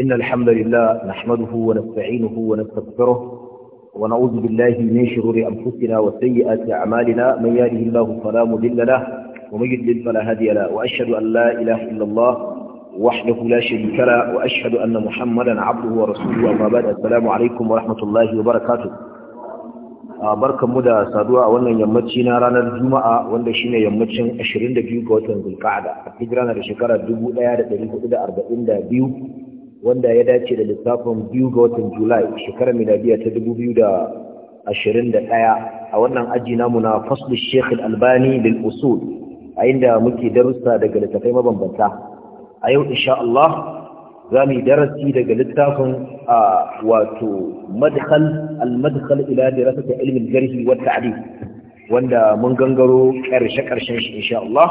إن الحمد لله نحمده ونستعينه ونستغفره ونعوذ بالله من شرور أنفسنا وسيئات أعمالنا من يهده الله فلا مضل له ومن يضلل فلا هادي له وأشهد أن لا إله إلا الله وحده لا شريك له وأشهد أن محمدا عبده ورسوله أما بعد السلام عليكم ورحمة الله وبركاته barkan mu da saduwa a wannan yammaci na ranar juma'a wanda shine yammacin 22 ga watan zulqa'ada a hijira na shekara 1442 wanda ya dace da lissafin biyu ga watan julai shekarar miladiya ta ɗaya, a wannan aji namu na faslul sheikh albani lil usul a inda muke darussa daga littafai mabambanta a yau insha Allah za mu darasi daga littafin a wato madkhal al madhal ila dirasati ilmi al-jarh wa ta'dil wanda mun gangaro karshe-karshen shi insha Allah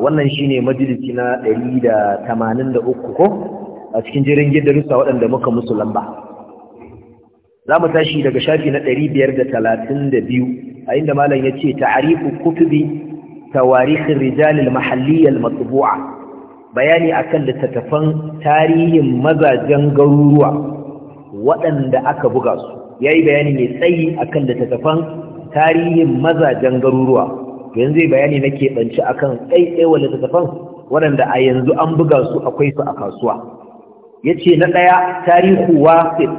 wannan shine majalisi na 183 ko a cikin jirgin darussa waɗanda muka musu lamba za mu tashi daga shafi na ɗari biyar da da biyu, a inda malam ya ce ta'arifu kutubi warikin rijalil mahalliyar matsubuwa, bayani a kan littattafan tarihin mazajen garuruwa waɗanda aka buga su ya yi bayani mai tsayi kan littattafan tarihin mazajen garuruwa yanzu bayani na keɓance akan ɗaiɗaiwa littattafan waɗanda a yanzu an buga su akwai su a kasuwa yace na daya tarihu wasit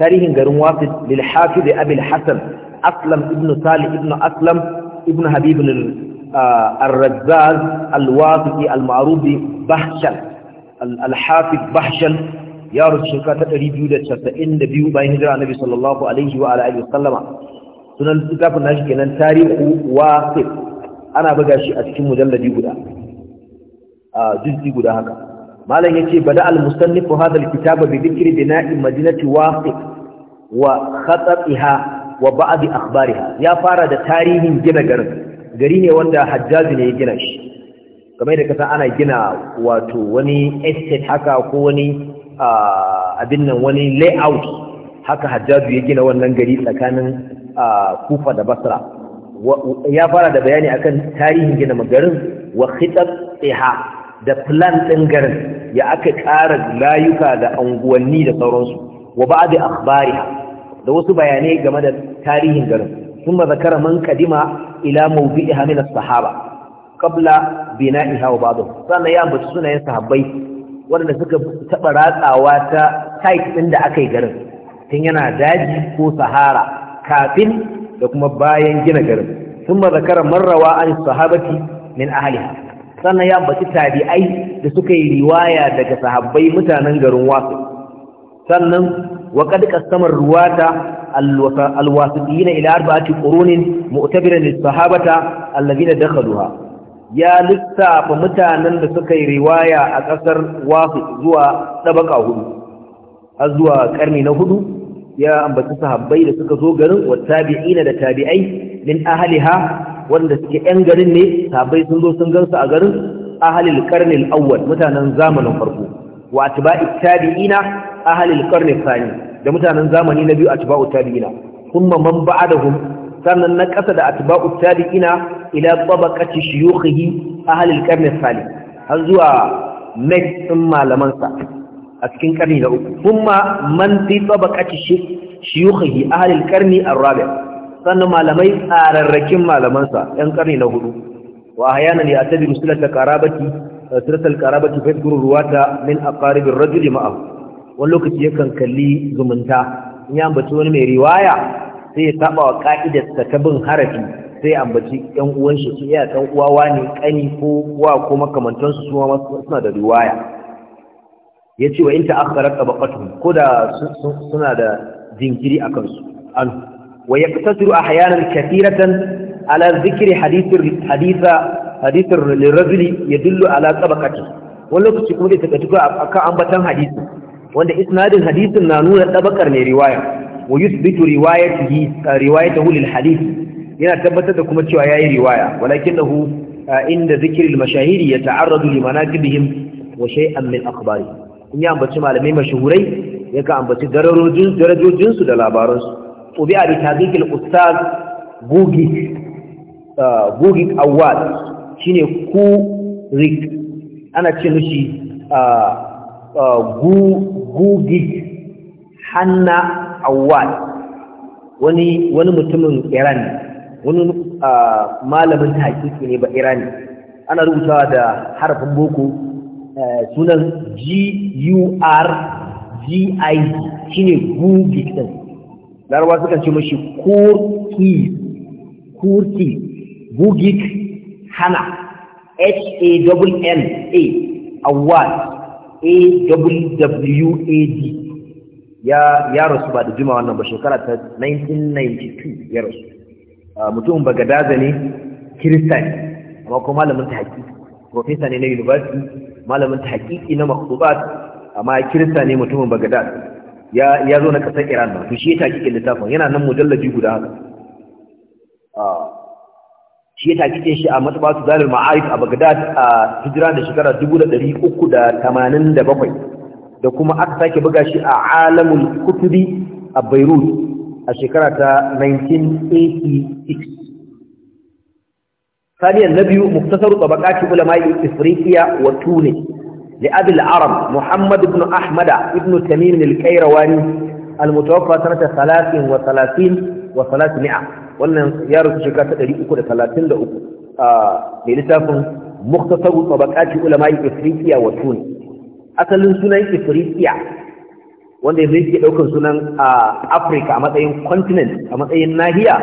tarihin garin wasit lil hafiz abi hasan aslam ibn salih ibn aslam ibn habib الرزاز الواثقي المعروف بهشل الحافظ بهشل ya rufe shekara ta 292 bayan hijira annabi sallallahu alaihi wa alihi wasallama sunan littafin nashi kenan tarihu wasif ana buga shi a cikin mujalladi guda a juz'i guda haka malam yace bada al-musannifu hadha al-kitaba bi dhikri bina'i madinati waqif wa khatatiha wa ba'd akhbariha ya fara da tarihin gina garin gari ne wanda hajjaji ne ya gina shi kamar da kasa ana gina wato wani estate haka ko wani abin nan wani layout haka hajjaji ya gina wannan gari tsakanin kufa da basra ya fara da bayani akan tarihin gina garin wa khitat iha da plan ɗin garin ya aka ƙara layuka da unguwanni da sauransu wa ba da akhbari da wasu bayanai game da tarihin garin sun ma zakara man kadima ila mawdi'iha min as-sahaba qabla bina'iha wa ba'dahu sannan ya ambaci sunayen sahabbai waɗanda suka taɓa ratsawa ta site ɗin da aka yi garin tun yana daji ko sahara kafin da kuma bayan gina garin sun ma zakara marrawa an sahabati min ahliha sannan ya ambaci tabi'ai da suka yi riwaya daga sahabbai mutanen garin wasu sannan wa qad qasama ruwata alwasitiyina ila arba'ati qurunin mu'tabiran lis-sahabata alladhina dakhaluha ya lissafa mutanen da suka yi riwaya a kasar wasu zuwa tabaka hudu har zuwa karni na hudu ya ambaci sahabbai da suka zo garin wa tabi'ina da tabi'ai min ahliha wanda suke yan garin ne sabai sun zo sun gansu a garin ahalil karnil awwal mutanen zamanin farko wa atba'i tabi'ina ahalil karnil thani da mutanen zamani na biyu atba'u tabi'ina kuma man ba'adahum sannan na kasa da atba'u tabi'ina ila tabaqati shuyukhihi ahalil karnil thani har zuwa next din malaman sa a cikin karni na uku kuma man fi tabaqati shuyukhihi ahalil karni ar-rabi' sannan malamai tsararrakin malamansa ‘yan ƙarni na hudu wa ne a tabi musulata karabati sirtal karabati ruwa ta min a ƙaribin rajuli ma'ahu wani lokaci yakan kalli zumunta in ya ambaci wani mai riwaya sai ya taɓa wa ka'idarsa ta bin harafi sai ya ambaci ‘yan uwan shi iya ɗan uwawa ne ƙani ko wa ko makamantansu su suna da riwaya ya ce wa in ta akhara tabaqatuhum ko da suna da jinkiri a kansu ويقتصر أحيانا كثيرة على ذكر حديث حديث حديث للرجل يدل على طبقته ولوكci kuma zai takatuka akan ambatan hadisi wanda isnadin hadisin na nuna tabakar ne riwaya wa yuthbitu riwayatihi riwayatahu lil hadith yana tabbatar da kuma cewa yayi riwaya walakinahu inda zikri al mashahiri yata'arradu li manaqibihim wa shay'an min akhbari in ya ambaci malamai mashahurai yaka ambaci darajojinsu da labaransu طبع بتحقيق الأستاذ جوجيك جوجيك أول شيني كو ريك أنا تشمشي جوجيك hanna awwal wani wani mutumin iran wani malamin hakiki ne ba irani ana rubuta da harafin boko sunan g u r g i shine gugik ɗin. larawa suka ce mashi kurki kurki bugik hana h-a-w-n-a awad a-w-w-a-d ya rasu ba da juma wannan ba shekara ta 1992 ya rasu ah, mutumin bagadaza ne kirista ne amma kuma malamin ta haƙiƙi profesa ne na university malamin haƙiƙi na makhdubat amma kirista ne mutumin bagadaza ya zo na kasar Iran ba shi ya takikin littafin yana nan mujallaji guda haka ah. shi ya takikin shi a matbatu zalil ma'arif a Bagdad a hijira da shekara 387 da kuma aka sake buga shi a alamun Kutubi a Beirut a shekara ta 1986 ثانيا نبي مختصر طبقات علماء wa وتونس لأبي العرب محمد بن أحمد بن تميم الكيرواني المتوفى سنة ثلاث وثلاثين وثلاثمائة wannan ya rasu shekara ta ɗari uku da talatin da uku mai littafin muktasaru tabakati ulama ifriqiya asalin sunan ifriqiya wanda yanzu yake ɗaukar sunan afirka a matsayin continent a matsayin nahiya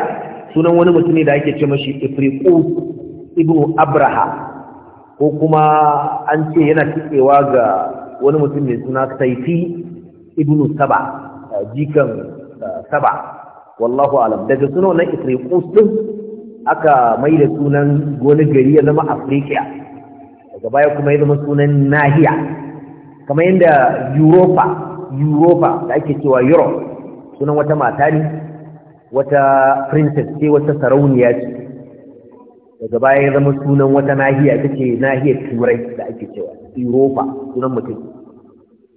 sunan wani mutum ne da ake ce mashi ifriqu ibnu abraha ko kuma an ce yana cikewa ga wani mutum mai suna saifi ibnu saba jikan saba wallahu alam daga suna wannan ifriqus din aka mai da sunan goni gari ya zama afrika daga baya kuma ya zama sunan nahiya kamar yadda Yuropa europa da ake cewa europe sunan wata mata ne wata princess ce wata sarauniya ce daga baya ya zama sunan wata nahiya ta ce nahiyar turai da ake cewa europa sunan mutum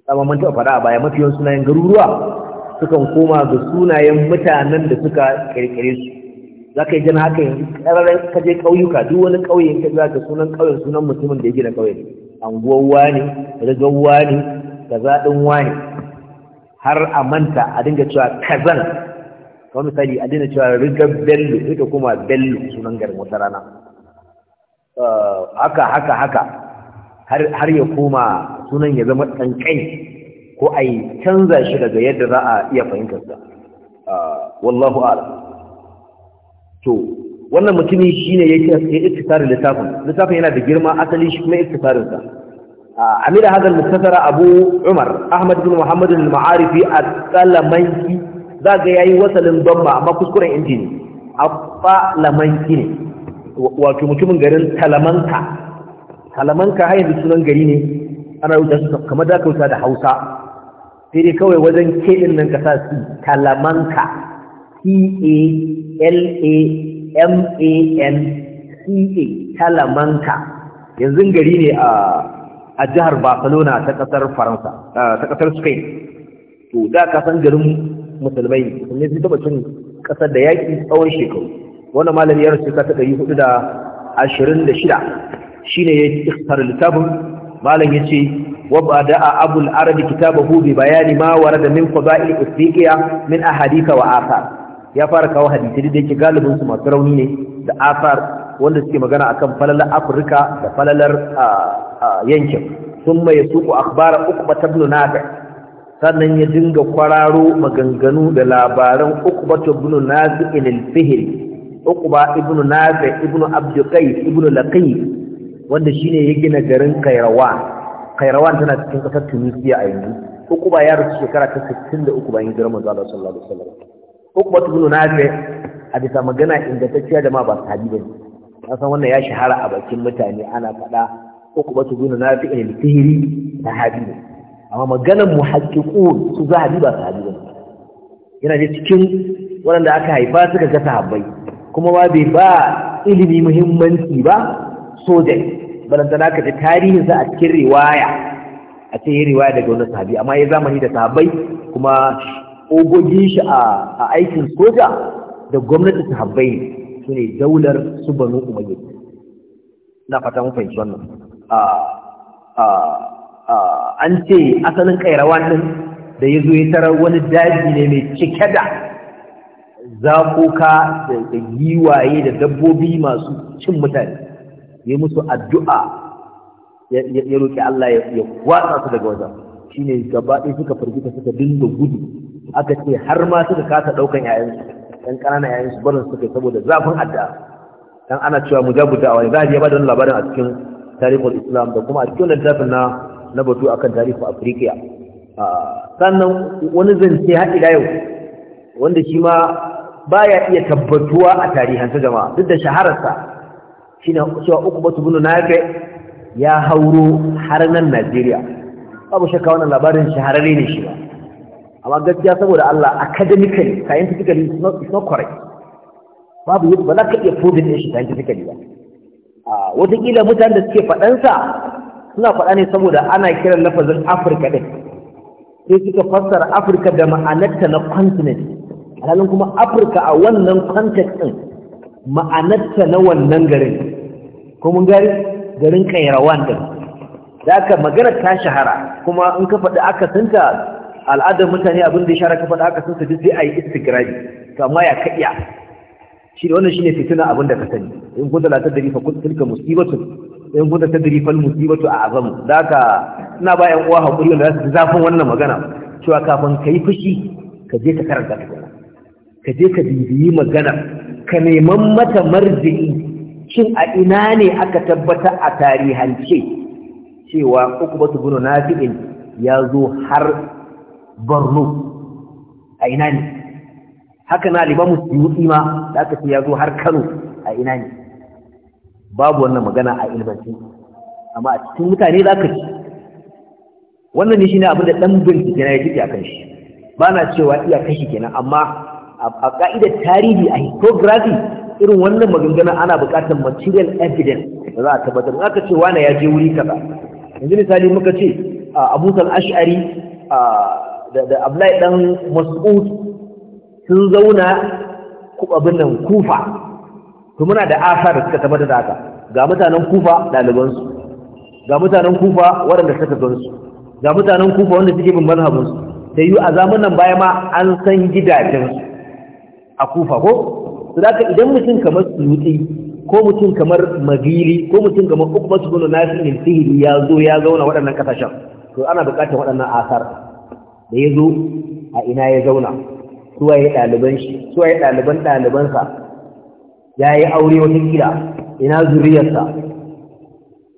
sama mun taɓa faɗa a baya mafiyan sunayen garuruwa sukan koma ga sunayen mutanen da suka ƙirƙire su za ka yi jan haka yanzu ƙararren kaje ƙauyuka duk wani ƙauye ka za ka sunan ƙauyen sunan mutumin da ya gina ƙauyen anguwar wani rigar wani kaza ɗin wani har a manta a dinga cewa kazan kamar misali a daina cewa riga bello ita kuma bello sunan garin wata rana eh, haka haka haka har ya koma sunan ya zama tsankai ko a yi canza shi daga yadda za a iya fahimtarsa eh, wallahu ala to wannan mutumin shi ne ya iktisarin littafin littafin yana da girma asali shi kuma iktisarinsa eh, amira hazar mustafara abu umar ahmad bin muhammadin ma'arifi a kalamanki za ga yayi wasalin damma amma kuskuren inji ne fa'lamanki ne wato mutumin garin talamanka talamanka har da sunan gari ne ana rubuta su kamar da da Hausa sai dai kawai wajen ke din nan ka sa talamanka T A L A M A N C A talamanka yanzu gari ne a jihar Barcelona ta kasar Faransa ta kasar Spain to da ka san garin musulmai musulmai sun taɓa cin ƙasar da yaƙi tsawon shekaru wannan malami ya rasu ta ɗari hudu da ashirin da shida shi ne ya ikhtar littafin malam ya ce wa ba da a abul arabi kitaba hubi bayani ma wara da min fada'il usbiqiya min ahadika wa athar ya fara kawo hadisi da yake galibin su masu rauni ne da Afar, wanda suke magana akan falalar afirka da falalar ah, ah, yankin ثم يسوق أخبار أقبة بن نافع sannan ya dinga kwararo maganganu da labaran ukubatu ibn nazi'in al-fihri ukuba ibn nazi ibn abd qais ibn laqif wanda shine ya gina garin kairawan kairawan tana cikin kasar tunisia a yanzu ukuba ya rasu shekara ta 63 bayan hijirar manzo Allah sallallahu alaihi wasallam ukuba ibn nazi a bisa magana ingantacciya da ma ba sahabi bane san wannan ya shahara a bakin mutane ana faɗa ukuba ibn nazi al-fihri sahabi ne amma mu muhaqqiqun su a ba haɗu ba yana da cikin waɗanda aka haifa suka ga sahabbai kuma ba bai ba ilimi muhimmanci ba soja balanta na ka tarihin tarihinsa a cikin riwaya a cikin riwaya daga wani sahabi amma ya zamani da sahabbai kuma ogogin shi a aikin soja da gwamnati sahabbai su ne daular su banu umayya na fata mun fahimci wannan ah, ah. Ah, an ce asalin kairawan din da ya zo ya tarar wani daji ne mai cike da zakoka da giwaye da dabbobi masu cin mutane ya musu addu'a ya roƙi Allah ya watsa su daga wajen shi ne ɗaya suka firgita suka dinga gudu aka ce har ma suka kasa ɗaukan yayansu ɗan ƙananan yayansu barin suka saboda zafin addu'a dan ana cewa mujabu da'awa ne za a je ba da labarin a cikin tarihul islam da kuma a cikin littafin na na batu a akan tarihin afirka sannan wani zance haɗi da yau wanda shi ma ba ya iya tabbatuwa a tarihansa jama'a duk da shahararsa shi na cewa uku batu bunu na ya hauro har nan najeriya babu shakka wannan labarin shahararre ne shi ba amma gaskiya saboda allah academically scientifically it's not correct babu yadda ba za ka iya proving shi scientifically ba wataƙila mutane da suke faɗansa suna faɗa ne saboda ana kiran lafazin afirka ɗin sai suka fassara afirka da ma'anarta na continent alhalin kuma afirka a wannan context ɗin ma'anarta na wannan garin kuma gari garin kairawan ɗin da aka magana ta shahara kuma in ka faɗi aka ta, al'adar mutane abin da ya shara ka faɗi aka ta, duk sai a yi istigraji to amma ya ka iya shi da wannan shine fitina abin da ka sani in kun talatar da rifa kun tilka musibatun in kun ta dari fal musibatu a azamu zaka ina ba yan uwa hakuri wanda za su zafin wannan magana cewa kafin ka yi fushi ka je ka karanta kuma ka je ka bibiyi magana ka neman mata marji'i shin a ina ne aka tabbata a tarihance cewa uku batu bunu nafi'in ya zo har borno a ina ne haka na limamu suyuti ma da aka ce ya zo har kano a ina ne babu wannan magana a ilmantin amma a cikin mutane za ka ci wannan ne shi ne abinda ɗan bincike na ya ciki a kan shi ba na cewa iya kashi kenan amma a ƙa'idar tarihi a histography irin wannan maganganun ana buƙatar material evidence da za a tabbatar za ka ce wane ya je wuri kaza yanzu misali muka ce abusal ash'ari da abdullahi dan mas'ud sun zauna abin nan kufa to muna da asar da suka tabbata da haka ga mutanen kufa ɗalibansu ga mutanen kufa waɗanda suka gansu ga mutanen kufa wanda suke bin mazhabinsu da yiwu a zamanin baya ma an san su. a kufa ko su da idan mutum kamar suyuti ko mutum kamar magiri ko mutum kamar su ukmatu bin ne sihiri ya zo ya zauna waɗannan kasashen to ana buƙatar waɗannan asar da ya zo a ina ya zauna suwaye ɗaliban shi suwaye ɗaliban ɗalibansa ya yi aure watakila ina zuriyarsa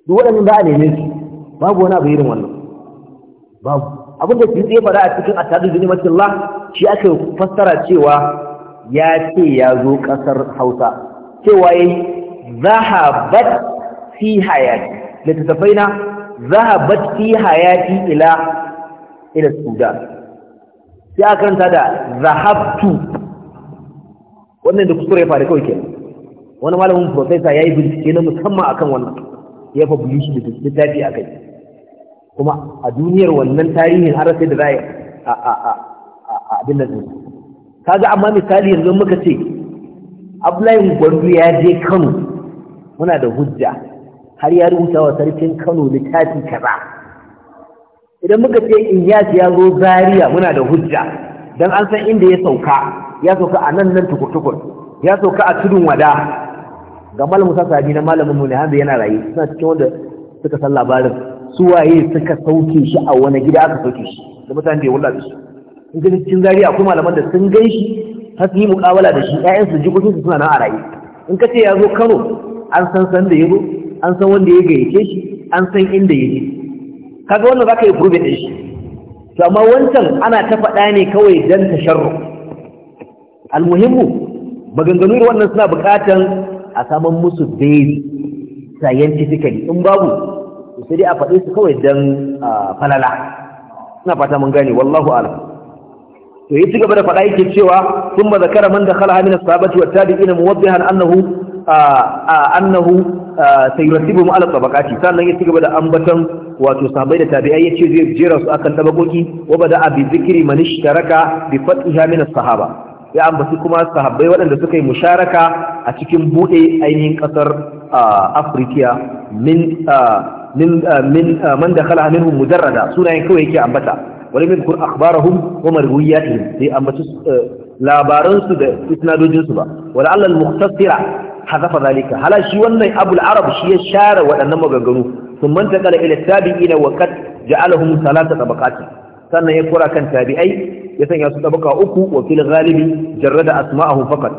duk waɗannan ba a ne babu wani abu irin wannan babu abin da su ya fara a cikin attadu mafi matilla shi aka fassara cewa ya ce ya zo ƙasar hausa cewa ya zahabat fi hayati littattafai na zahabat fi hayati ila ila sudan sai aka karanta da zahabtu wannan da kusurai ya faru kawai kenan wani malamin profesa ya yi bincike na musamman akan wannan ya fa shi da littafi a kai kuma a duniyar wannan tarihin har sai da za a a abin da zai kaga amma misali yanzu muka ce Abdullahi Gwandu ya je Kano muna da hujja har ya rubuta wa sarkin Kano littafi kaza idan muka ce in ya zo Zaria muna da hujja dan an san inda ya sauka ya sauka a nan nan tukur ya sauka a tudun wada ga malamin sa na malamin mu ne yana raye suna cikin wanda suka san labarin su waye suka sauke shi a wani gida aka sauke shi da mutane da ya wulla da shi in ga cikin zari akwai malaman da sun gan shi har su yi muƙawala da shi ƴaƴan su jikokin su suna nan a raye in ka ce ya zo Kano an san san da ya zo an san wanda ya gayyace shi an san inda ya je kaga wannan zaka yi gurbin din shi to amma wancan ana ta faɗa ne kawai dan tasharru almuhimmu maganganu wannan suna buƙatan a saman musu beri scientifically in babu sai dai a faɗi su kawai don falala ina fata mun gane wallahu ala to yi cigaba da faɗa yake cewa sun ba zakara man da khalaha min as-sahabati wa tabi'ina muwaddihan annahu annahu sayurasibu mu ala tabaqati sannan ya cigaba da ambatan wato sahabbai da tabi'ai yace zai jera su akan tabakoki wa bada abi zikri man ishtaraka bi fatiha min as-sahaba ya ambaci kuma sahabbai waɗanda suka yi musharaka a cikin buɗe ainihin ƙasar afirka min man da kala minhum mujarrada sunayen kawai yake ambata wani min kur akhbarahum wa marwiyatihim sai ambaci eh, labaransu da isnadojinsu ba Wani allal mukhtasira hadafa zalika hala shi wannan abul arab shi ya share waɗannan maganganu sun manta kala ila tabi'ina wa wakat ja'alahum salata tabaqatin sannan ya kura kan tabi'ai ya sanya su tabaka uku wa fil ghalibi jarrada asma'ahu faqat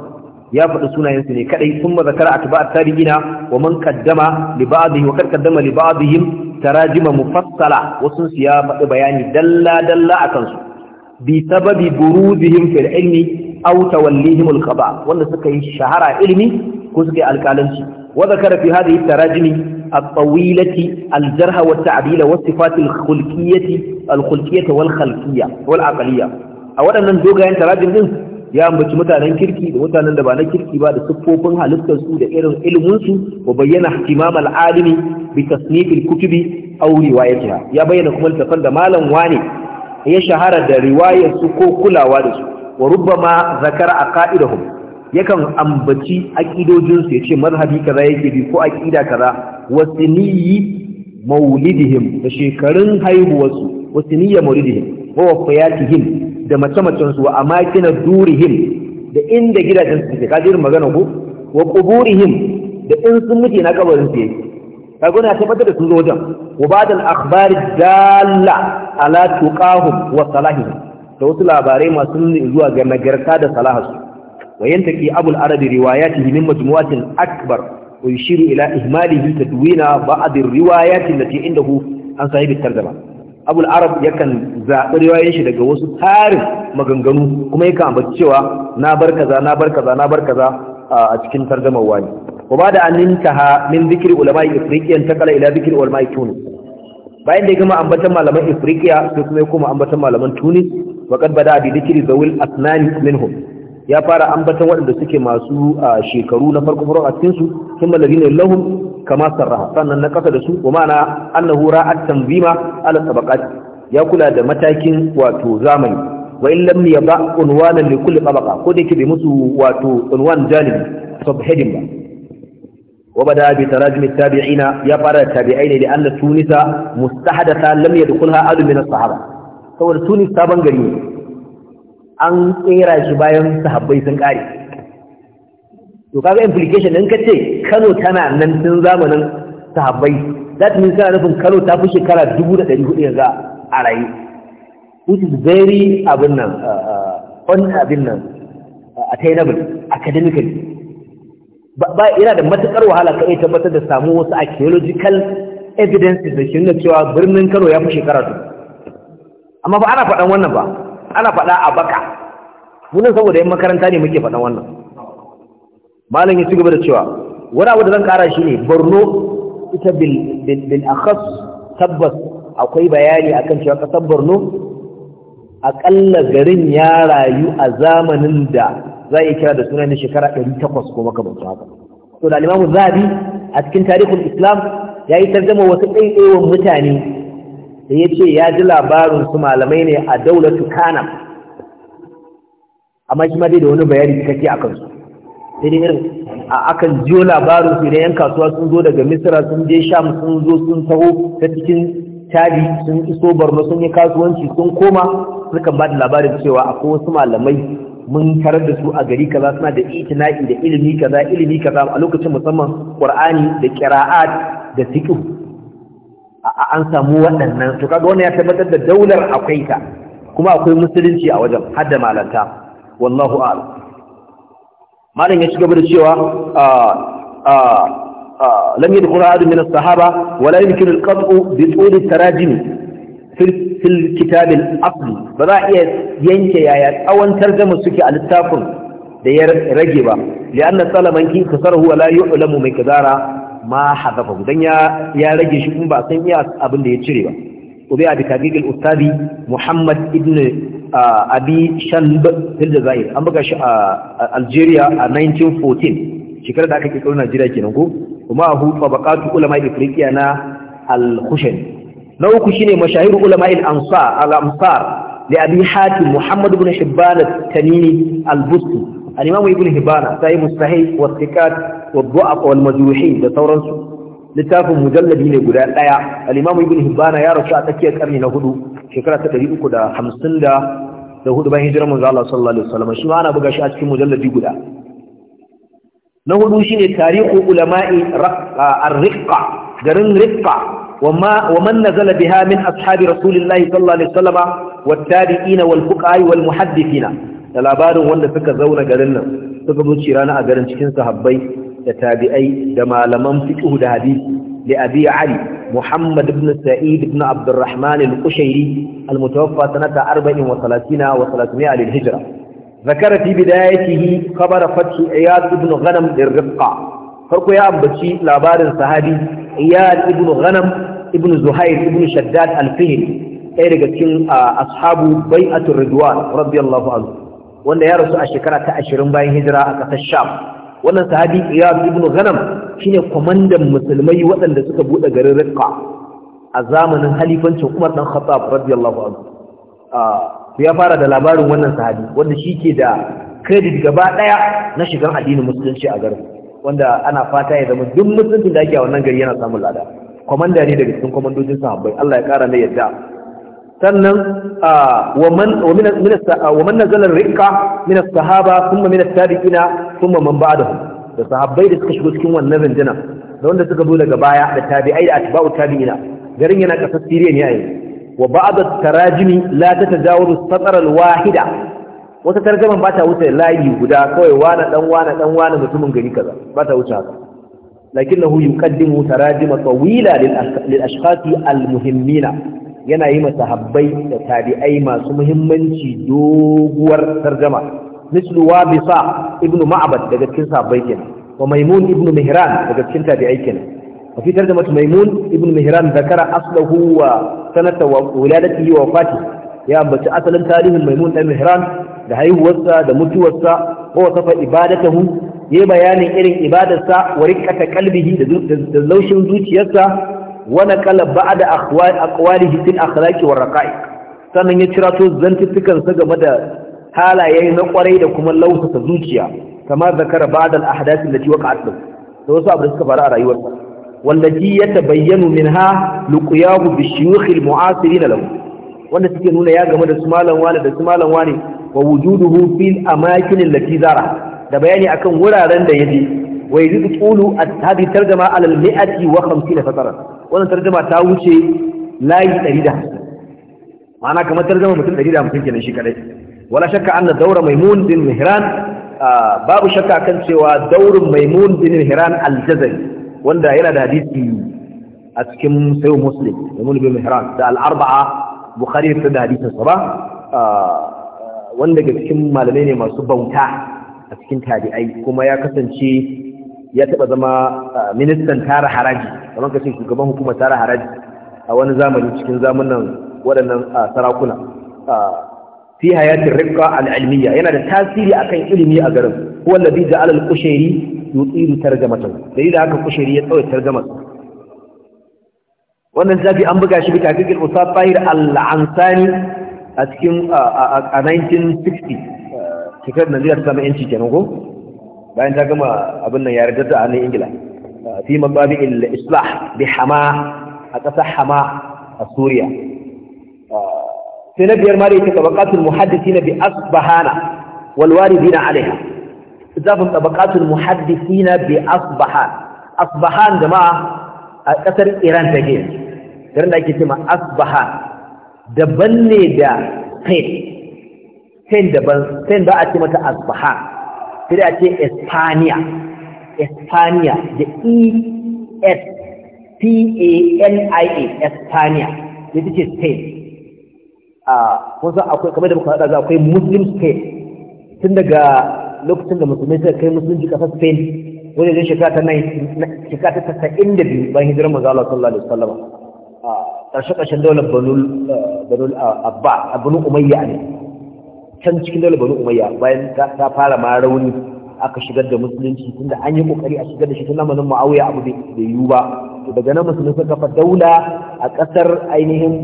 ya faɗi sunayen su ne kadai sun ma zakara atba'at tabi'ina wa man qaddama li ba'dihim wa qaddama li ba'dihim tarajima mufassala wasu su ya faɗi bayani dalla dalla akan su bi sababi buruzihim fil ilmi aw tawallihim al qada wanda suka yi shahara ilmi ko suka yi alƙalanci وذكر في هذه التراجم الطويلة الجرح والتعديل والصفات الخلقية الخلقية والخلقية والعقلية أولا ندوغا أن تراجم ذنس ya ambaci mutanen kirki da mutanen da ba na kirki ba da siffofin halittarsu da irin ilminsu wa bayyana kimamal al-alimi bi tasnif al-kutubi aw ya bayyana kuma tafan da malam wani ya shahara da riwayarsu ko kulawa da su wa rubbama zakara aqaidahum yakan ambaci aƙidojinsu ya ce mazhabi kaza yake bi ko aƙida kaza wasiniyi maulidihim da shekarun haihuwarsu wasiniyya maulidihim wa wafayatihim da mace-macensu wa amakina durihim da inda gidajen su ke magana ko wa quburihim da in sun mutu na kabarin su yake kaga ya tabbatar da sun zo wajen wa ba'dal akhbar dalla ala tuqahum wa salahihim da wasu labarai masu zuwa ga nagarta da salahasu وينتكي أبو العرب رواياته من مجموعات أكبر ويشير إلى إهماله تدوين بعض الروايات التي عنده عن صاحب الترجمة أبو العرب يكن zaɓi riwayoyin shi daga wasu tarin maganganu kuma yakan ambaci cewa na bar kaza na bar kaza na bar kaza a cikin tarjamar wani wa ba da anintaha min zikri ulama ila ulama bayan da ya gama ambatan malaman ifriqiya sai kuma ya koma ambatan malaman tunis wa qad bada bi zikri zawil asnani minhum ya fara ambatan waɗanda suke masu shekaru na farko farko a cikinsu sun mallabi ne lahum kama sarraha sannan na ƙasa da su wa ma'ana annahu ra'at tanzima ala tabaqat ya kula da matakin wato zamani wa in lam yaba unwanan li kulli tabaqa ko da yake bai musu wato unwan jalibi subheading ba wa bada bi tarajim tabi'ina ya fara tabi'ai ne da anna tunisa mustahdatha lam yadkhulha adu min as-sahaba saboda tunis sabon gari an tsera shi bayan sahabbai sun kare to kaga implication in kace Kano tana nan tun zamanin sahabbai that means kana nufin Kano ta fi shekara 1400 yanzu a raye which is very abin nan on uh, uh, abin nan uh, attainable academically ba yana da matukar wahala ka tabbatar da samu wasu archaeological evidences da shi ne cewa birnin Kano ya fi shekara 2 amma ba ana faɗan wannan ba ana faɗa a baka munan saboda yan makaranta ne muke faɗa wannan malam ya ci gaba da cewa wani abu da zan kara shi ne borno ita bil akhas tabbas akwai bayani akan cewa kasar borno aƙalla garin ya rayu a zamanin da za a kira da suna na shekara 800 ko makamantu haka to da limamu zabi a cikin tarihul islam ya yi tarjama wasu ɗaiɗaiwan mutane da ya ce ya ji labarin su malamai ne a daulatu kana amma shi da wani bayani cikakke a kansu sai dai a akan jiyo labarin su idan yan kasuwa sun zo daga misira sun je sham sun zo sun taho ta cikin tadi sun iso borno sun yi kasuwanci sun koma sukan ba da labarin cewa akwai wasu malamai mun tarar da su a gari kaza suna da itina'i da ilimi kaza ilimi kaza a lokacin musamman qur'ani da qira'at da fiqh an samu waɗannan to kaga wannan ya tabbatar da daular akwai ta kuma akwai musulunci a wajen hadda malanta wallahu a'lam malam ya shiga da cewa a a lam yadkhul ahad min as-sahaba wa la yumkinu al-qat'u bi tul tarajim fil kitab al-asli ba za iya yanke yaya tsawon tarjuma suke a littafin da ya rage ba li'anna salaman ki kasarhu wa la yu'lamu mai kadara ma hadafa dan ya ya rage shi kuma ba san iya abin da ya cire ba ubi abi tabiq al-ustadi muhammad ibn abi shanb fil jazair an buga shi a algeria a 1914 shekarar da aka kauna najeriya kenan ko kuma hu tabaqatu ulama afriqiya na al-khushan na uku shine mashahiru ulama al-ansar al-amsar لأبي al محمد al busti al imam ibn ابن sai صحيح wa thiqat wa du'af wal majruhin da sauransu littafin mujalladi ne guda ɗaya. al-imam ibn hibban ya rasu a tsakiyar karni na hudu shekara ta 350 da hudu bayan hijirar manzo Allah sallallahu alaihi wasallam shi ma ana buga shi a cikin mujalladi guda na hudu shine tarihu ulama'i ar-riqqa garin riqqa وما ومن نزل بها من أصحاب رسول الله صلى الله عليه وسلم والتابعين والفقهاء والمحدثين labarin wanda suka zauna garin nan suka zo cirana a garin cikin sahabbai da tabi'ai da malaman fiqh da hadisi li abi ali muhammad ibn sa'id ibn abdurrahman al-qushairi al-mutawaffa sanata 34 wa 300 al hijra ذكر في بدايته خبر فتح عياد بن غنم للرفقة farko ya ambaci labarin sahabi iyad ibn ghanam ibn zuhair ibn shaddad al-fihri ɗaya daga cikin ashabu bai'atul ridwan radiyallahu anhu wanda ya rasu a shekara ta 20 bayan hijira a ƙasar sham wannan sahabi iyad ibn ghanam shine kwamandan musulmai waɗanda suka bude garin raqqa a zamanin halifancin Umar dan Khattab radiyallahu anhu ah, ya fara da labarin wannan sahabi wanda shi ke da credit gaba daya na shigan addinin musulunci a garin wanda ana fata ya zama duk musulunci da ake a wannan gari yana samun lada kwamanda ne daga cikin kwamandojin sahabbai Allah ya kara mai yadda sannan wa man nazalar rika minas sahaba kuma minas tabi'ina kuma man ba'adahu da sahabbai da suka shigo cikin wannan rundunar da wanda suka zo daga baya da tabi'ai da atba'u tabi'ina garin yana kasar siriya ne a yanzu wa ba'da tarajimi la tatajawaru satar wahida. wata tarjaman ba ta wuce layi guda kawai wani dan wani dan wani mutumin gari kaza ba ta wuce haka na lakinnahu yuqaddimu tarajima tawila lil al almuhimmina yana yi masahabbai da tabi'ai masu muhimmanci doguwar tarjama mislu wa bisa ibnu ma'bad daga cikin sahabbai kenan wa maimun ibnu mihran daga cikin tabi'ai kenan fitar da tarjamat maimun ibnu mihran zakara aslahu wa sanata wa wiladatihi wa fati. ya ambaci asalin tarihin maimun ɗan mihran da haihuwarsa da mutuwarsa ko wasafa ibadatahu yayi bayanin irin ibadarsa wa riqqata qalbihi da laushin zuciyarsa wani kala ba'ada aqwalihi hitin akhlaqi war raqa'iq sannan ya cirato zantukan sa game da halaye na kwarai da kuma lausata zuciya kama zakara ba'da al ahdath allati waqa'at lahu da wasu abu da suka faru a rayuwarsa wallaji ya tabayyanu minha luqiyahu bi shuyukh al mu'asirin lahu wanda suke nuna ya game da su malam wani da su malam wani wa wujuduhu fil amakin allati zara da bayani akan wuraren da yaje wa yajidu qulu at hadi tarjama al mi'ati wa 50 fatara wannan tarjama ta wuce layi 150 ma'ana kamar tarjama mutum 150 kenan shi kadai wala shakka anna daura maimun bin mihran babu shakka kan cewa daurin maimun bin mihran al-jazari wanda yana da hadisi a cikin sayo muslim maimun bin mihran da al-arba'a bukhari ta da hadisin sa ba wanda ga cikin malamai ne masu bauta a cikin tabi'ai kuma ya kasance ya taɓa zama ah, ministan tara haraji kamar kace shugaban hukumar tara haraji a wani zamani cikin zamunan waɗannan ah, sarakuna ah, fi hayatin rifqa al yana da tasiri akan ilimi a garin huwa alal ja'ala al-qushairi yutiru tarjamatahu dalilin haka qushairi ya tsawai tarjamarsa wannan zafi an buga shi bisa gigil usab tahir al-ansani a cikin a 1960 cikar ta zama yanci kenan ko bayan ta gama abin nan yarintar ta a hannun ingila fi matsabi islah bi hama a ƙasar hama a suriya sai na biyar mara yake tabakatul muhaddisi na bi asbahana walwari bina alaiha zafin tabakatul muhaddisi na bi asbahan asbahan jama'a a ƙasar iran ta ke garin da ake cima asbahan daban ne da kain kain daban kain ba a ce mata asbahan sai a ce espania espania da e s p a n i a espania da ta ce spain a wasu akwai kamar da muka haɗa akwai muslim spain tun daga lokacin da musulmai suka kai musulunci kasar spain wani zai shekara ta shekara ta tasa'in da biyu bayan hijirar maza Allah sallallahu alaihi wasallam a ƙarshe ƙarshen daular banul eh, banul eh, abba abunu umayya ne can cikin daular banu umayya bayan ta fara ma rauni aka shigar da musulunci tunda an yi kokari a shigar da shi tun zamanin muawiya abu bai yiwu ba to daga nan musulmi suka kafa daula a kasar ainihin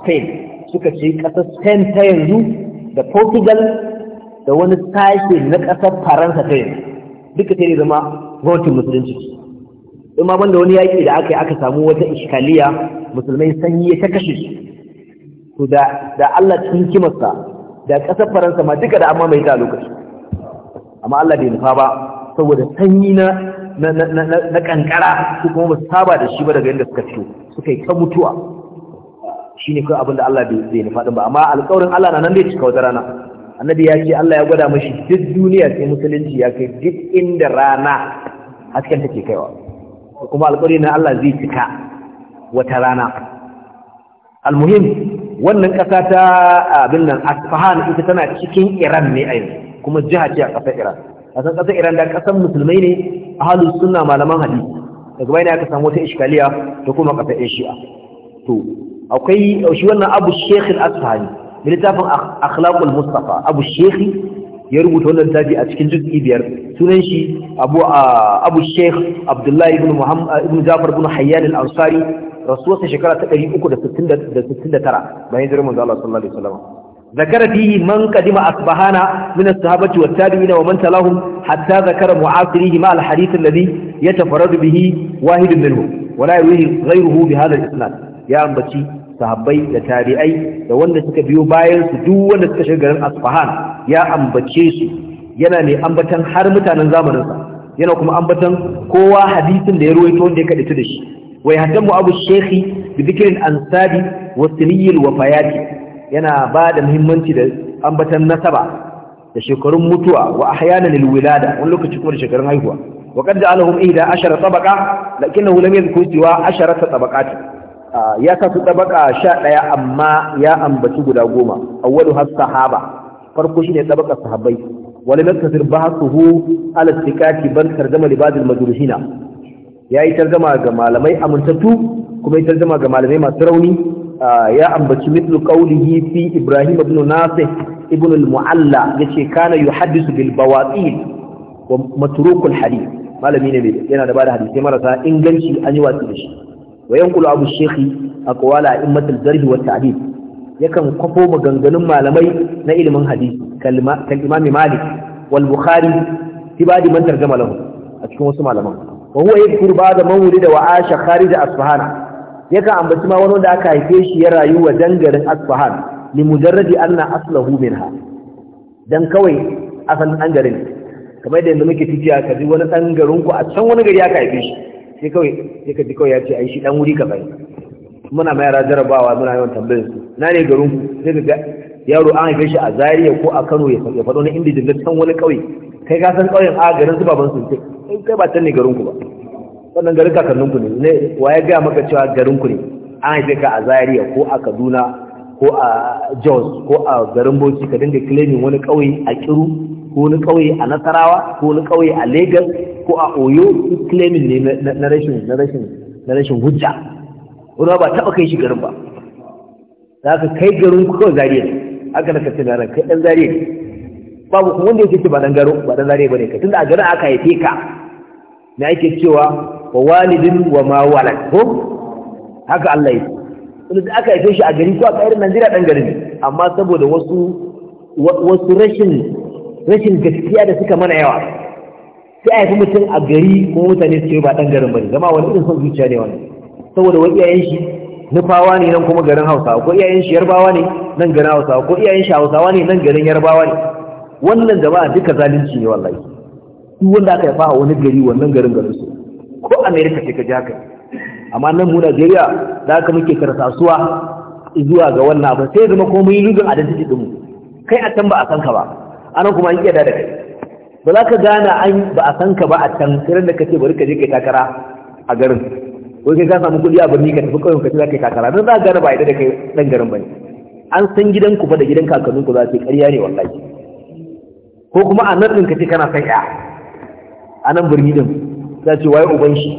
spain suka ce kasar spain ta yanzu da portugal da wani sashe na kasar faransa ta yanzu duka ta zama gwamnatin musulunci in ma banda wani yaƙi da aka yi aka samu wata iskaliya musulmai sanyi ta kashe su to da Allah cikin kimarsa da ƙasar faransa ma duka da amma mai ta lokaci amma Allah bai nufa ba saboda sanyi na na kankara su kuma ba saba da shi ba daga yadda suka fito suka yi ta mutuwa shi ne kawai abinda Allah bai nufa ɗin ba amma alƙawarin Allah na nan da cika wata rana annabi ya ce Allah ya gwada mashi duk duniya sai musulunci ya kai duk inda rana hasken take kaiwa kuma alƙawari na Allah zai cika wata rana almuhim wannan ƙasa ta abin nan asfahan ita tana cikin iran ne a yanzu kuma jiha ce a ƙasar iran ƙasar ƙasar iran da ƙasar musulmai ne ahalus sunna malaman hadisi daga bayan aka samu wata iskaliya da kuma ƙasar shi'a to akwai shi wannan abu shekhi al-asfahani littafin akhlaqul mustafa abu shekhi ya rubuta wannan tafi a cikin juz'i biyar sunan shi abu abu abdullahi ibn muhammad ibn jafar ibn hayyan al-ansari rasuwarsa shekara ta tara. bayan jirin manzo Allah sallallahu alaihi wasallam ذكر فيه من قدم أصبحان من الصحابة والتابعين ومن تلاهم حتى ذكر معاصريه مع الحديث الذي يتفرد به واحد منهم ولا يرويه غيره بهذا الإسناد Ya ambaci sahabbai da tabi'ai da wanda suka biyo bayan su duk wanda suka shiga garin Asfahan ya ambace su yana ne ambatan har mutanen zamanin sa yana kuma ambatan kowa hadisin da ya ruwaito wanda ya kadaita da shi ويهتم أبو الشيخ بذكر الأنساب والسني الوفيات ينا بعد مهمة أنبة النسبة لشكر متوى وأحيانا الولادة ونلوك شكور شكر هايهوى وقد جعلهم إحدى عشر طبقة لكنه لم يذكر سوى عشرة طبقات آه يا كف طبقة شاء يا أما يا أم بتقول أقوما أولها الصحابة فرقشين طبقة الصحابي ولم يكثر بحثه على السكاك بل ترجم لبعض المدرسين ya yi tarjama ga malamai amintattu kuma ya tarzama ga malamai masu rauni ya ambaci mithlu qawlihi fi ibrahim ibn nasih ibn al-mu'alla yace kana yuhaddisu bil bawatil wa matrukul hadith malami ne yana da bada hadisi marasa inganci an yi watsi da shi wa yanqulu abu shaykhi aqwala a'immat al-jarh wa ta'dil yakan kwafo maganganun malamai na ilimin hadisi kalma kal imam malik wal bukhari tibadi man tarjama lahu a cikin wasu malaman wa huwa yadhkuru ba'da mawlid wa asha kharij asfahan yaka ambaci ma wani wanda aka haife shi ya rayu wa dangarin asfahan li mujarradi anna aslahu minha dan kawai asalin an garin kamar da yanzu muke tafiya ka ji wani dan garin ku a can wani gari aka haife shi sai kawai sai ka ji kawai ya ce ai shi dan wuri ka bai muna mai yara jarabawa muna yawan tambayar su na ne garin ku sai ka yaro an haife shi a Zariya ko a Kano ya faɗo na inda da can wani kauye kai ka san kauyen a garin su baban su in kai ba ta ne garinku ba wannan garin kakanninku ne wa ya gaya maka cewa garinku ne an haife ka a zaria ko a kaduna ko a jos ko a garin bauchi ka dinga claiming wani ƙauye a kiru ko wani ƙauye a nasarawa ko wani ƙauye a lagos ko a oyo claiming ne na rashin na rashin na rashin hujja wani ba taɓa kai shi garin ba za ka kai garin ku kawai zariya ne aka na kace na kai ɗan zaria babu kuma wanda yake ba dan garo ba dan zare bane kai tunda a garin aka haife ka me ake cewa wa walidin wa ma walad ko haka Allah yake da aka haife shi a gari ko a kairin Najeriya dan garin amma saboda wasu wasu rashin rashin gaskiya da suka mana yawa sai a haifi mutum a gari kuma mutane su ce ba dan garin bane zama wani irin son zuciya ne wannan saboda wani iyayen shi nufawa ne nan kuma garin Hausa ko iyayen shi Yarbawa ne nan garin Hausa ko iyayen shi Hausawa ne nan garin Yarbawa ne wannan jama'a duka zalunci ne wallahi duk wanda aka yafa a wani gari wannan garin garin su ko america ce ka ja haka amma nan mu Najeriya da aka muke karsasuwa zuwa ga wannan abin sai zama ko mun lugin identity din mu kai a can ba a san ka ba anan kuma an kiyada da kai ba za ka gana an ba a san ka ba a can sai da kace bari ka je kai takara a garin ko kai ka samu kudi a birni ka tafi kawai ka ce za ka yi takara dan za ka gane ba idan da kai dan garin bane an san gidanku ba da gidan kakanninku za su yi ƙarya ne wallahi ko kuma a nan ɗinka ce kana son ya a nan birni ɗin za ce waye uban shi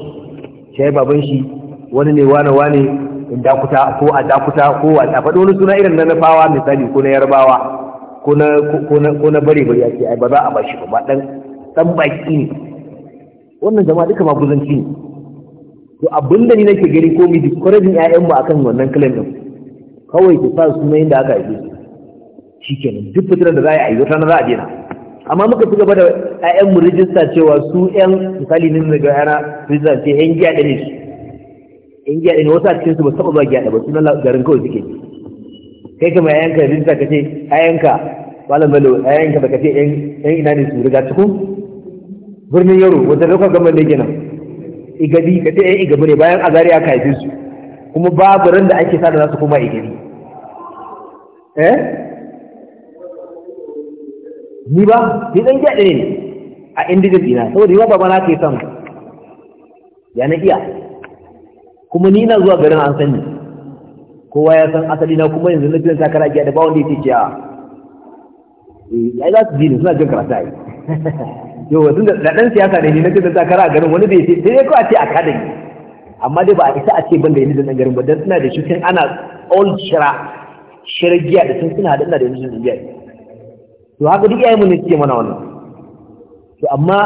shi baban shi wani ne wane wane in dakuta ko a dakuta ko a faɗi wani suna irin na nafawa misali ko na yarbawa ko na bare bare ya ce ai ba za a bashi ba ɗan ɗan baƙi ne wannan jama'a duka maguzanci ne to abinda ni nake gani ko mi ƴaƴan mu akan wannan kalan din kawai ki sa sunan inda aka yi shi kenan duk fitar da za a yi wata na za a dena amma muka ci gaba da ƴaƴan mu rijista cewa su ƴan misali ne daga yana rijista ce ƴan giya da ne su ƴan giya da ne wasu a cikin su ba saba zuwa giya da ba su, sunan garin kawai suke kai kama ka rijista ka ce ka malam bello ƴaƴanka da ka ce ƴan ina ne su riga cikin birnin yaro wata lokacin gama ne kenan igadi ka ce ƴan igabi ne bayan a zariya ka haife su kuma babu ran da ake sa da za su koma igadi eh ni ba ni dan gyaɗe ne a indijin dina saboda yi ba na ke san ya na iya kuma ni na zuwa garin an sani kowa ya san asali na kuma yanzu na jiran takara gyaɗe ba wanda ya ce ciya ah. ya eh, yi za su ji ni suna jin karata yi yau wasu da ɗan siyasa ne ni na jiran takara a garin wani bai ce sai dai kawai a ce a kada yi amma dai ba a isa a ce ban da yanzu da garin ba don suna da shi ana all shira shirgiya da sun suna haɗin da yanzu da giya to haka duk yayin mu ce mana wannan to amma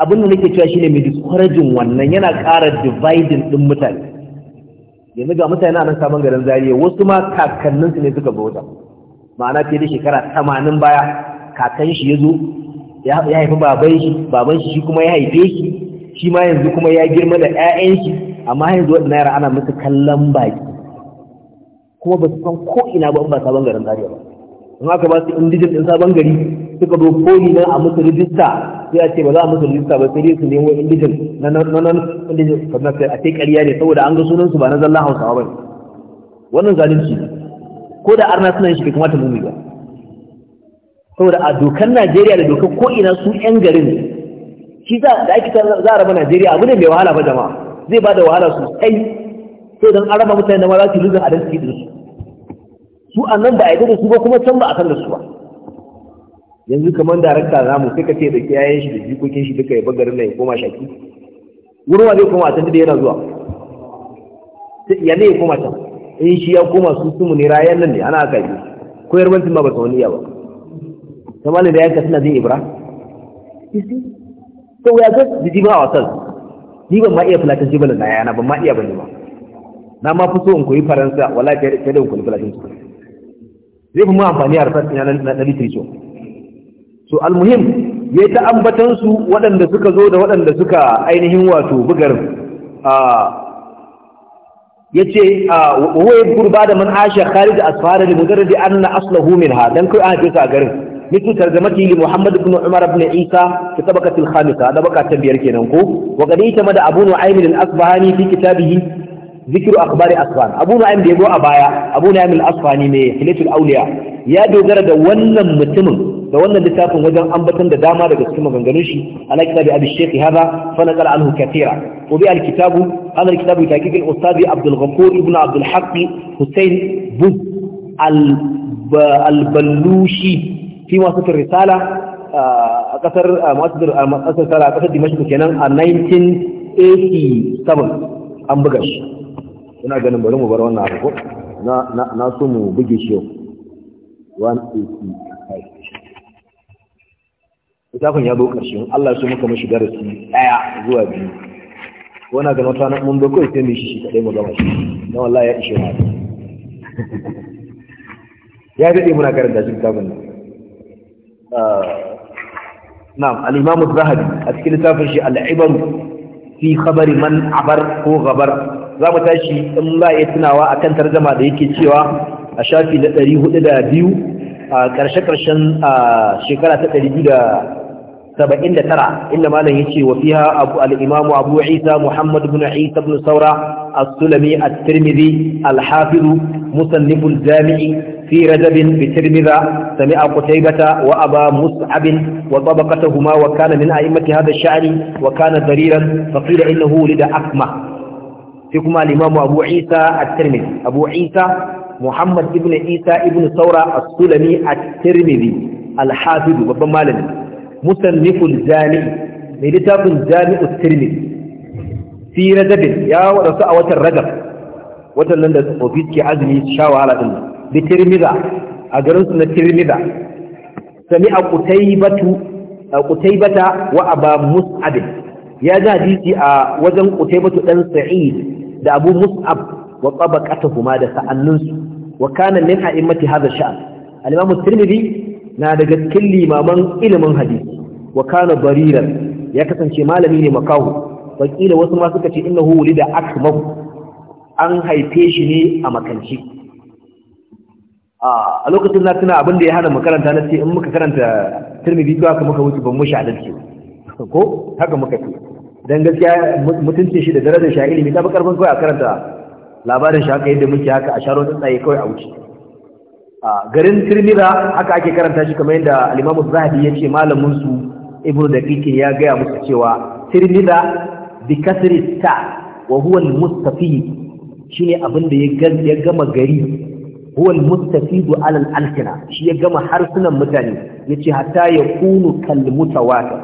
abin da nake cewa shine mai discouraging wannan yana ƙara dividing din mutane yanzu ga mutane a nan sabon garin zariya wasu ma kakanninsu ne suka bauta ma'ana fiye da shekara tamanin baya kakan shi ya zo ya haifi baban shi baban shi kuma ya haife shi shi ma yanzu kuma ya girma da 'ya'yan shi amma yanzu wannan yara ana musu kallon baki kuma ba su san ko ina ba in ba sabon garin zariya ba in aka ba su indijin ɗin sabon gari suka zo koli na a musu rijista sai a ce ba za a musu rijista ba sai dai su nemo indijin na nan indijin kwanakta a ce ƙarya ne saboda an ga sunansu ba na zalla hausa ba wannan zalunci ko da arna suna yin shi bai kamata mu ba saboda a dokar najeriya da dokar ko'ina su 'yan garin shi za da ake za a raba najeriya abu ne mai wahala ba jama'a zai ba da wahala sosai sai don an raba mutane da ma za su yi luzin adalci da su su a nan ba a yi da su ba kuma can ba a san da su ba yanzu kamar darakta za mu sai ka ce da kiyayen shi da jikokin shi duka ya bagarin nan ya koma shaki wurin wani koma a can da yana zuwa ya ne ya koma can in shi ya koma su mu ne rayan nan ne ana aka yi ko mantin ma ba ta wani ba kamar malin da yanka suna zai ibra so we are just jijima a wasan ni ban ma iya filatin ba da na yana ban ma iya ba ne ba na ma fi so in koyi faransa wala ta da in koyi filatanci zai fi mu amfani a rufar na litirco so almuhim ya yi ta'ambatansu waɗanda suka zo da waɗanda suka ainihin wato bugar ya ce wuwa ya gurba da man ashe kari da asfara da mudar da an na asla humin ha don kai an fesa a garin mutu tarzama ke yi muhammadu bin umar bin isa ta tabakatil hamisa da baka ta biyar kenan ko wa ma da abu nu'aimin al'asbahani fi kitabihi zikiru akhbari asfan abu nu'aym da yabo a baya abu nu'aym al-asfani mai hilatul awliya ya dogara da wannan mutumin da wannan littafin wajen ambaton da dama daga cikin maganganun shi ala kitabi abi shaykh hada fa naqala anhu kathira wa bi al-kitabu hada al-kitabu tahqiq al-ustad abd ghafur ibn abd al-haqq husayn buz al-ballushi fi wasat risala a kasar masar a kasar dimashq kenan a 1987 an buga shi ina ganin bari mu bar wannan abu na na na so mu buge shi yau 185 littafin ya zo ƙarshe Allah ya su muka mashi darasi ɗaya zuwa biyu wana ga mata na mun bakwai sai mai shi shi kaɗai mu gama shi na wallahi ya ishe ma ya daɗe muna karanta shi littafin nan ah, na'am al-imam az-zahabi a cikin littafin shi al-ibar fi khabar man abar ko ghabar za mu tashi in za a yi tunawa a kan targama da yake cewa a shafi na 402 a ƙarshe-ƙarshen shekara ta 279 inda malam ya ce wa fiha abu al’imamu abu isa muhammadu bin isa bin saura a sulami a tirmidhi alhafiru musannifin jami'i fi rajabin bi tirmidha sami a kutaibata wa aba musabin wa tsabakata huma wa kana min a imati hada sha'ani wakana kana zariran fafi da inna hulida akma sai kuma al-imamu abu isa at-tirmidhi abu isa muhammad ibn isa ibn saura as-sulami at-tirmidhi al babban malami musanniful jami mai littafin jami'ut tirmidhi fi rajab ya wadasu a watan ragar. watan nan da ofis ke azumi sha wahala din bi tirmidha a garin su na tirmidha sami a qutaybatu wa aba mus'ab ya ji hadisi a wajen qutaybatu dan sa'id da abu mus'ab wa tabaqatuhuma da sa'annunsu wa kana min a'immati hadha sha'an al-imam at-tirmidhi na daga cikin limaman ilimin hadisi wa kana bariran ya kasance malami ne makahu kila wasu ma suka ce innahu wulida akmahu an haife shi ne a makanci a lokacin na tuna abin da ya hana makaranta na ce in muka karanta tirmidhi to haka muka wuce ban mushi adalci ko haka muka ce dan gaskiya mutuncin shi da darajar shi ilimi ta fi karfin kawai a karanta labarin shi haka yadda muke haka a sharon tsaye kawai a wuce a garin tirmidha haka ake karanta shi kamar yadda al-imamu zahabi ya ce malamin su ibnu daqiq ya gaya musu cewa tirmidha bi kasri ta wa huwa al mustafi shine abin da ya gama gari huwa al mustafi ala al-alsina shi ya gama harsunan mutane yace hatta yakunu kal mutawatir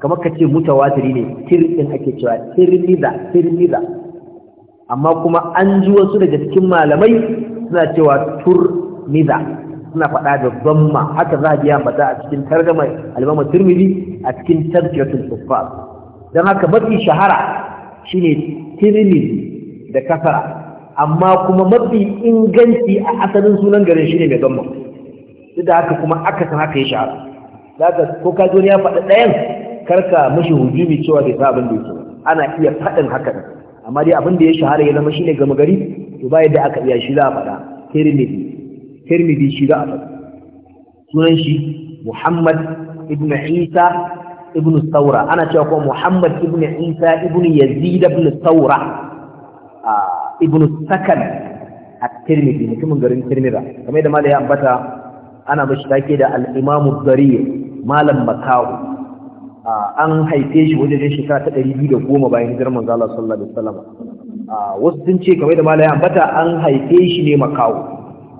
kamar ka ce mutawatiri ne tirin ake cewa tirmiza tirmiza amma kuma an ji wasu daga cikin malamai suna cewa turmiza suna faɗa da bamma haka za a biya mata a cikin targama albama turmizi a cikin tarkiyatul tuffar don haka mafi shahara shine tirmizi da kasara amma kuma mafi inganci a asalin sunan garin shine mai zamma duk da haka kuma aka san haka ya shahara ko ka zo ya faɗa ɗayan karka mashi hujumi cewa bai sa abin da yake ana iya faɗin haka ne amma dai abin da ya shahara ya zama shine gama gari to ba yadda aka iya shi za a faɗa tirmidhi tirmidhi shi za a faɗa sunan shi muhammad ibn isa ibn saura ana cewa kuma muhammad ibn isa ibn yazid ibn saura ibn sakan a tirmidhi mutumin garin tirmidha kamar da malai ya ambata ana mashi take da al-imamu malam makawu an haife shi wajen shekara ta ɗari biyu da goma bayan hijirar manzo Allah sallallahu alaihi wasallam wasu sun ce game da malaya ambata an haife shi ne makawo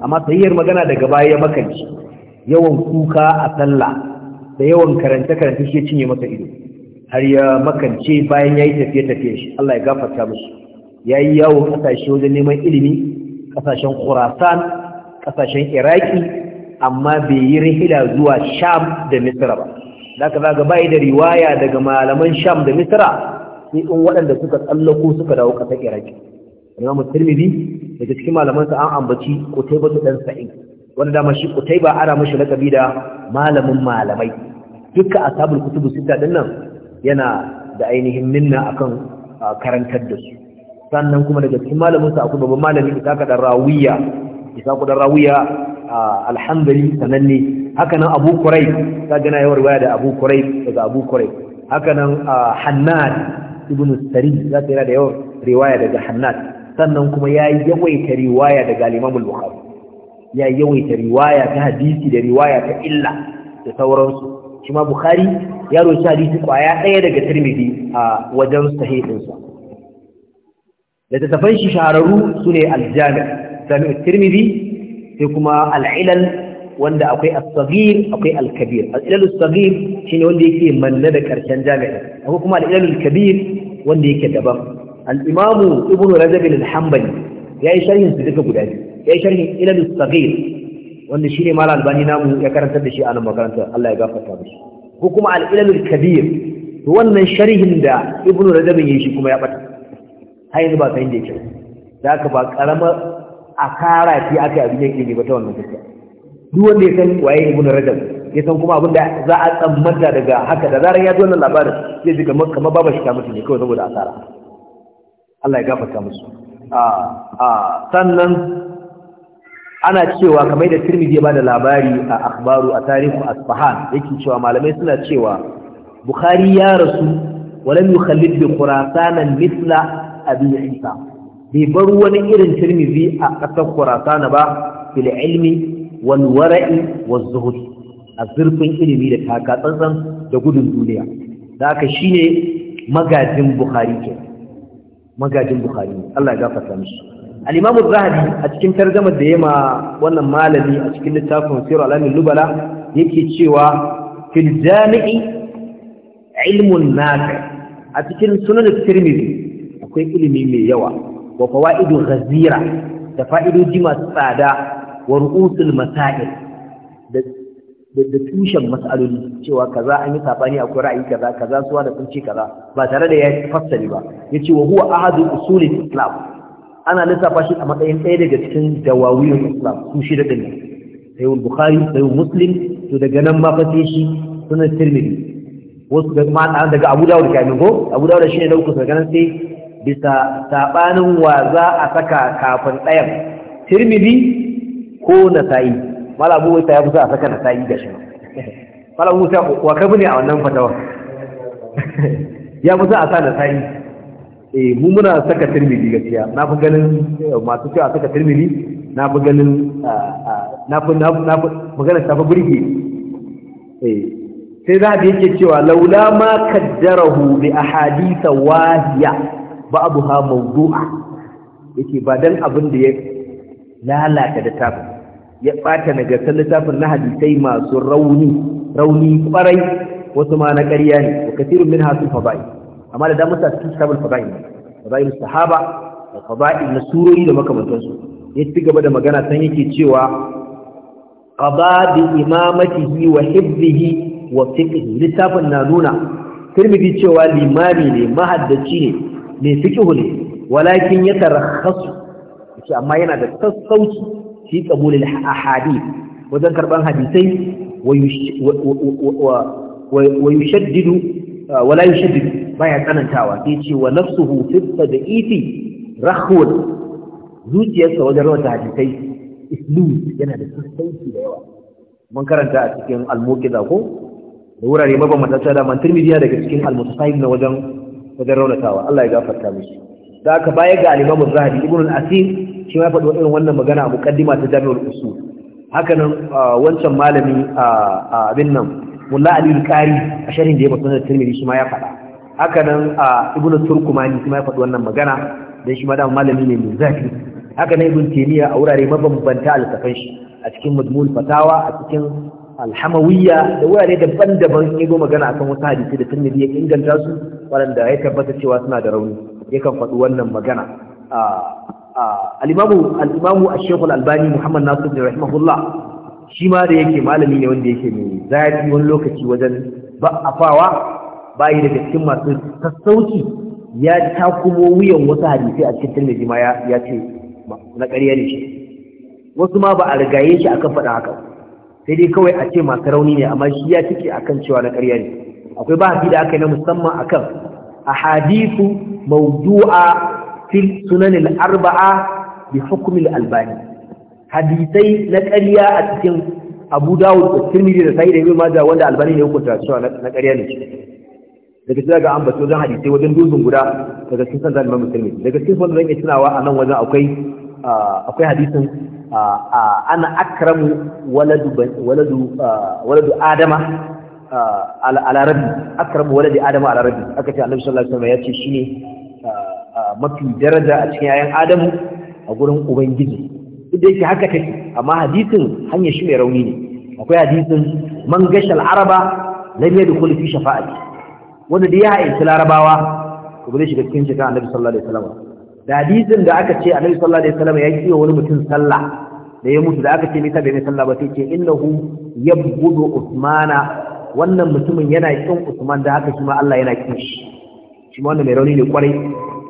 amma sahihiyar magana daga baya ya makanci yawan kuka a sallah da yawan karanta karanta shi ya cinye masa ido har ya makance bayan yayi tafiye tafiye shi Allah ya gafarta mishi yayi yawo kasashe wajen neman ilimi kasashen Khurasan kasashen Iraki amma bai yi rihila zuwa Sham da Misra ba zaka zaga bai da riwaya daga malaman Sham da Misra sai in waɗanda suka tsallako suka dawo ƙasar Iraki Imam Tirmidhi daga cikin malamansa an ambaci Qutayba dan Sa'id wanda dama shi Qutayba ana mashi lakabi da malamin malamai duka ashabul kutubu sita din nan yana da ainihin minna akan karantar da su sannan kuma daga cikin malamin akwai babban malami Isa dan Rawiya Isa dan Rawiya alhamdali sananne hakanan abu kurai ta gana yawar waya da abu kurai daga abu kurai hakanan hannad ibnu sari za ta yana da yawar riwaya daga hannad sannan kuma ya yawaita riwaya daga limamul bukhari ya yawaita riwaya ta hadisi da riwaya ta illa da sauransu shi ma bukhari ya roci hadisi kwaya ɗaya daga tirmidhi a wajen sahihinsa da tafan shi shahararru sune ne aljami tirmidhi sai kuma al'ilal wanda akwai as-saghir akwai al-kabir al-ilal as-saghir shine wanda yake manna da karshen jami'i akwai kuma al-ilal kabir wanda yake daban al-imam ibn rajab al-hanbali yayi sharhin su duka guda biyu yayi sharhin ilal sagir saghir wanda shine mal albani namu ya karantar da shi a nan makaranta Allah ya gafarta mishi ko kuma al-ilal kabir wannan sharhin da ibn rajab yayi shi kuma ya bata har yanzu ba sai da yake da haka ba karamar a kara shi aka abin yake ne ba ta wannan gaskiya duk wanda ya san waye ibnu rajab ya san kuma abin da za a tsammata daga haka da zarar ya ji wannan labarin zai ji kamar kamar babu shi ta mutu ne kawai saboda asara Allah ya gafarta musu a a sannan ana cewa kamar da Tirmidhi ya bada labari a akhbaru a tarihu Asfahan yake cewa malamai suna cewa Bukhari ya rasu yukhallid bi بخراسان mithla abi Isa bai bar wani irin tirmizi a ƙasar kurasana ba fil ilmi wal wara'i wal a zurfin ilimi da taka tsantsan da gudun duniya da aka shine magajin bukhari ke magajin bukhari Allah ya gafarta mishi al-imam zahabi a cikin tarjumar da yema wannan malami a cikin littafin sirr alamin lubala yake cewa fil jami'i ilmun nafi a cikin sunan tirmizi akwai ilimi mai yawa wa fawaidu ghazira da fa'idoji masu tsada wa ru'usul masail da da tushen mas'aloli cewa kaza an yi sabani akwai ra'ayi kaza kaza suwa da sun kaza ba tare da ya fassari ba yace wa huwa ahadu usulil islam ana lissafa shi a matsayin ɗaya daga cikin dawawiyul islam su shi da dinne sai bukhari sai muslim to daga nan ma fate shi sunan tirmidhi wasu da ma daga abu dawud kai ko abu dawud shine da uku daga nan sai bisa saɓanin wa za a saka kafin ɗayan tirmidhi ko nasa'i malabu wata ya fusa a saka nasa'i da shi malabu wata wa kafin ne a wannan fatawa ya fusa a sa nasa'i eh mu muna saka tirmidhi gaskiya na fi ganin eh, masu cewa saka tirmidhi na fi ganin na fi maganar ta fi burge eh, sai za a yake cewa laula ma kaddarahu bi ahaditha wahiya ba'abuha mawdu'a yake ba dan abin da ya lalata da tafi ya bata nagartar littafin na hadisai masu rauni rauni kwarai wasu ma na ƙarya ne wa kathirun min hasu fada'i amma da damar sa cikin kitabul fada'i fada'il sahaba da fada'il na surori da makamantansu ya ci gaba da magana san yake cewa qada bi imamatihi wa hibbihi wa fiqhi littafin na nuna tirmidhi cewa limami ne mahaddaci ne mai fiƙihu ne walakin ya tarakhasu yace amma yana da sassauci fi qabulil ahadith wajen karban hadisai wa yushaddidu uh, wala yushaddidu baya tsanantawa sai ce wa nafsuhu iti, tad'ifi rahwun zuciyarsa wajen rawata hadisai islu yana da sassauci da yawa mun karanta a cikin al ko da wurare mabamata da man tirmidhiya daga cikin al na wajen wajen raunatawa Allah ya gafarta mishi da aka baya ga al-Imam Az-Zahabi Ibn al-Asir shi ya faɗi irin wannan magana a muqaddima ta Jami'ul Usul haka nan wancan malami a abin nan Mulla Ali al-Qari a sharhin da ya masa Tirmidhi shi ma ya faɗa haka nan Ibn Turkumani shi ma ya faɗi wannan magana dan shi ma da malami ne mai zafi haka nan Ibn Taymiyyah a wurare mabambanta al-kafan shi a cikin Majmu'ul Fatawa a cikin alhamawiyya da wurare daban-daban ya yi magana akan wasu hadisi da tunnabi ya inganta su waɗanda ya tabbata cewa suna da rauni kan faɗi wannan magana Alimamu imamu al-imamu albani muhammad nasir bin rahimahullah shi ma da yake malami ne wanda yake mai zafi wani lokaci wajen ba'afawa bayi daga cikin masu sassauci ya takumo wuyan wasu hadisi a cikin tunnabi ma ya ce na ƙarya ne shi wasu ma ba a rigaye shi akan faɗa haka sai dai kawai a ce masu rauni ne amma shi ya cike a kan cewa na ƙarya ne akwai bahasi da aka yi na musamman akan ahadithu mawdu'a fil sunan al-arba'a bi hukumin albani hadisai na ƙarya a cikin Abu dawo da Tirmidhi da Sahih da Ibn Majah wanda albani ne hukunta cewa na ƙarya ne daga cikin ga ambato zan hadisai wajen dozin guda daga cikin san zalimar musulmi daga cikin wanda zan iya tunawa a nan wajen akwai akwai hadisin ana akramu waladu waladu adama ala rabbi akramu waladi adama ala rabbi aka ce annabi sallallahu alaihi wasallam ya ce shine mafi daraja a cikin yayan adamu a gurin ubangiji idan da yake haka take amma hadisin hanya shi mai rauni ne akwai hadisin man gashal araba lam yadkhul fi shafa'ati wanda da ya haifi larabawa to bai shiga cikin shiga annabi sallallahu alaihi wasallam da hadisin da aka ce annabi sallallahu alaihi wasallam ya yi wani mutum sallah da ya mutu da aka ce mita bai mai sallah ba sai ce innahu yabghudu usmana wannan mutumin yana kin usman da haka kuma Allah yana kin shi shi ma wannan mai rauni ne kwarai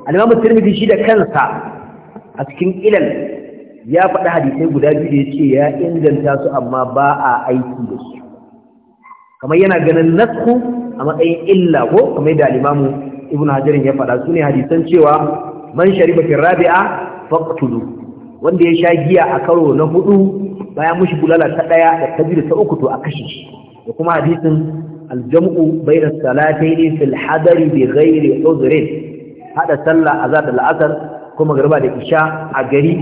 al-imam tirmidhi shi da kansa a cikin ilal ya faɗi hadisai guda biyu da ce ya inganta su amma ba a aiki da su kamar yana ganin nasku a matsayin illa ko kamar da al-imam ibnu hajar ya faɗa su ne hadisan cewa man shariba fi rabi'a faqtulu wanda ya sha giya a karo na hudu bayan mushi bulala ta daya da ta biyu da ta uku to a kashe shi da kuma hadisin aljam'u bayna salatayn fil hadari bi ghairi udhrin hada sallah azad al asr kuma garba da isha a gari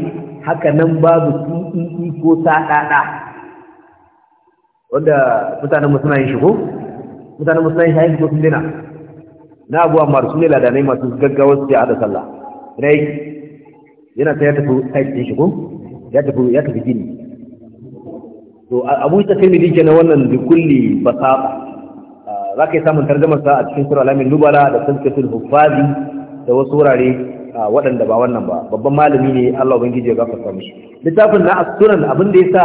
haka nan babu tsitsi e e ko sadada wanda mutanen musulmai shi ko mutanen musulmai shi ko sun dina na abuwa masu ne ladanai masu gaggawa su je a da sallah rai yana ta ya tafi aikin shi ko ya tafi ya tafi gini to abu ta kai miliki na wannan da kulli basaba za ka yi samun tarjamar sa a cikin sura alamin nubala da tazkiyatul huffazi da wasu wurare waɗanda ba wannan ba babban malami ne Allah ubangiji ya gafarta mishi littafin na asuran abin da yasa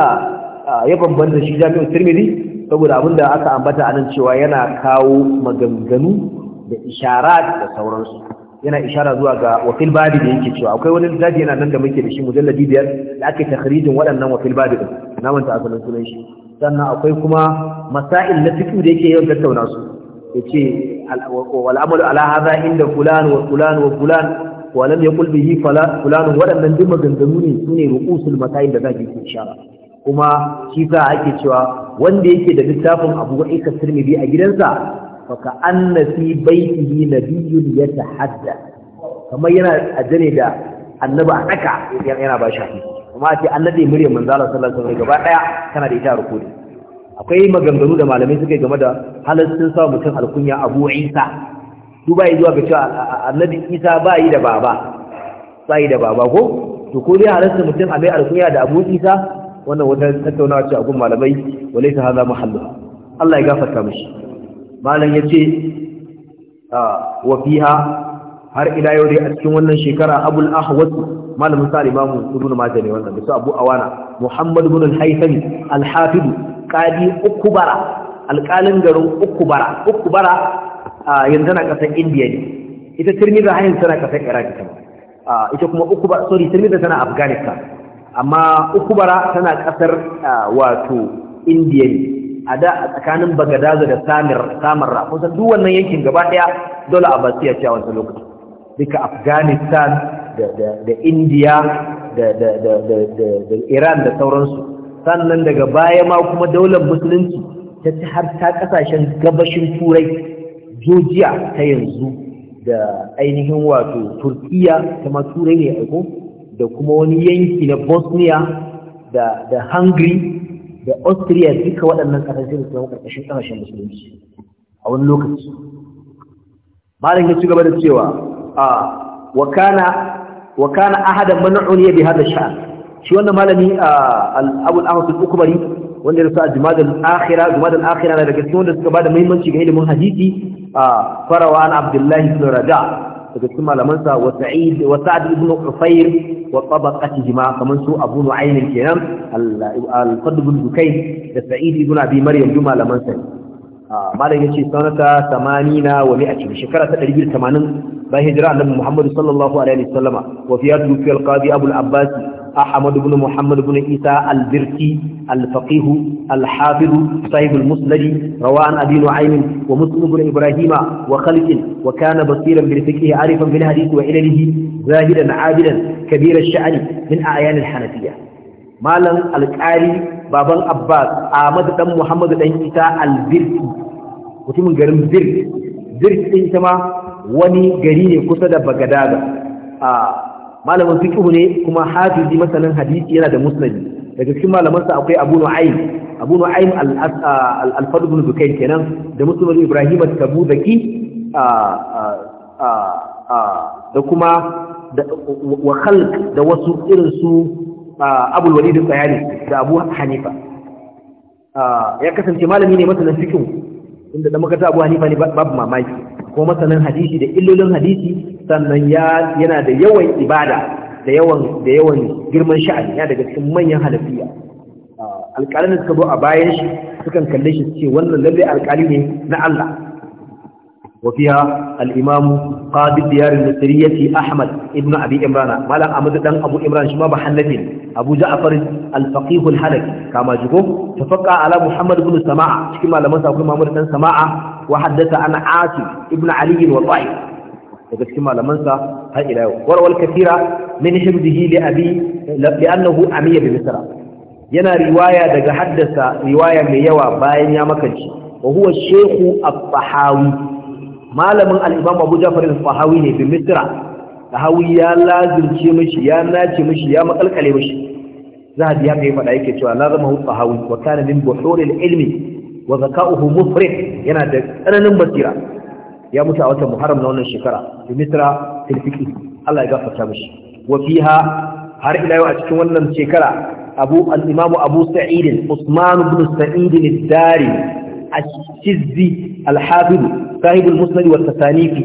ya bambanta shi jami'u tirmidhi saboda abin da aka ambata anan cewa yana kawo maganganu da isharat da sauransu yana ishara zuwa ga wafil babi da yake cewa akwai wani littafi yana nan da muke da shi mujalladi biyar da ake takhrijin waɗannan wafil babi din na manta asalin sunan shi sannan akwai kuma masail na fiqh da yake yawan tattauna su yace wal amalu ala hadha inda fulan wa fulan wa fulan wa lam yaqul bihi fulan waɗannan duk maganganu ne sune ruqusul masail da zaki ishara kuma shi sa ake cewa wanda yake da littafin Abu Isa Tirmidhi a gidansa faka anna fi baitihi nabiyyun yatahadda kamar yana ajane da annabi a daka yana ba shi hadisi kuma ce annabi muryar manzo Allah sallallahu alaihi wasallam gaba daya kana da ita rukuni akwai maganganu da malamai suka yi game da halaccin sa mutum alkunya Abu Isa su bai zuwa ga cewa annabi Isa bai da baba ba yi da baba ko to ko dai halaccin mutum a mai alkunya da Abu Isa wannan wata tattaunawa ce a gun malamai wale walaysa haza mahalluha Allah ya gafarta mishi malam ya ce ah, wa fiha har ila yau dai a cikin wannan shekara abul ahwas malamin sa imamu ibnu majah ne wannan bisa abu awana muhammad ibn al-haythami al-hafid qadi ukubara alƙalin garin ukubara ukubara yanzu na ƙasar indiya ne ita tirmidhi hayin tana ƙasar iraq ta ita kuma ukubara sorry tirmidhi tana afghanistan amma ukubara tana ƙasar wato indiya ne a da a tsakanin bagadaza da samir samarra kusan duk wannan yankin gaba daya dole abbasiya ya a wancan lokaci. duka afghanistan da india da iran da sauransu sannan daga baya ma kuma daular musulunci ta ci har ta kasashen gabashin turai georgia ta yanzu da ainihin wato turkiya ta ma turai ne aiko da kuma wani yanki na bosnia da hungary da austria duka waɗannan ƙasashe da suka ƙarƙashin ƙasashen musulunci a wani lokaci malam ya ci gaba da cewa a wakana wakana ahada man'un ya bi hada sha'an shi wannan malami al-abul ahmad al-ukbari wanda ya sa jumada al-akhira jumada al-akhira na daga cikin wanda suka bada muhimmanci ga ilimin hadisi a farawa an abdullahi ibn rada daga cikin malamansa wa sa'id wa sa'd ibn ufayr wa tabaqatihi ma kaman su abu nu'aym kenan al-fadl ibn dukayn da sa'id ibn abi maryam duma malamansa malam yace sanata samanina wa 100 shekara ta 180 bayan hijira annabi muhammad sallallahu alaihi wasallama wa fi yadu fi al-qadi abu al-abbasi أحمد بن محمد بن إيسى البركي الفقيه الحافظ صاحب المسند روى عن أبي نعيم ومسلم بن إبراهيم وخلق وكان بصيرا بالفقه عارفا بالحديث وإلله زاهدا عابدا كبير الشأن من أعيان الحنفية مالا القاري بابا عباس أحمد بن محمد بن إيسى البركي mutumin garin birk birk ɗin ita ma wani gari ne kusa da bagadaga a malamin fiqh ne kuma hafizi masanin hadisi yana da musnadi daga cikin malaman sa akwai Abu Nu'aym Abu Nu'aym uh, al-Fadl ibn Bukayn kenan da Musnad Ibrahim at-Tabuzaki uh, uh, da kuma wa khalq da wasu irin su Abu Walid al da Abu Hanifa ya kasance malami ne masanin fiqh inda da makata Abu Hanifa ne babu mamaki ko masanin hadisi da illolin hadisi sannan yana da yawan ibada da yawan girman sha'ani ya daga cikin manyan halafiya alƙalin da suka zo a bayan shi sukan kalle shi ce wannan lalle alƙali ne na Allah wa fiha al-imam qadi diyar al-nasiriyyati ahmad ibn abi imran malam ahmad dan abu imran shi ma ba hannabi abu ja'far al-faqih al-halaki kama jigo tafaqqa ala muhammad ibn sama'a cikin malaman sa kuma dan sama'a wa haddatha an ati ibn ali wa ta'ib daga cikin malamansa har ila yau warwal kathira min hibdihi li abi li'annahu bi misra yana riwaya daga haddasa riwaya mai yawa bayan ya makanci wa huwa shaykhu al-fahawi malamin al-imam abu ja'far al-fahawi ne bi misra fahawi ya lazirce mishi ya nace mishi ya makalkale mishi zahabi ya kai fada yake cewa lazamahu fahawi wa kana min buhur ilmi wa zaka'uhu mufrih yana da tsananin basira ya mutu a watan Muharram na wannan shekara, Dimitra Filfiki, Allah ya gafarta mashi. Wafiha har ila yau a cikin wannan shekara, Abu al’imamu Abu Sa’idin, Usman ibn Sa’idin Dari, Ashizzi Alhafidu, Sahibul Musnadi wata Sanifi,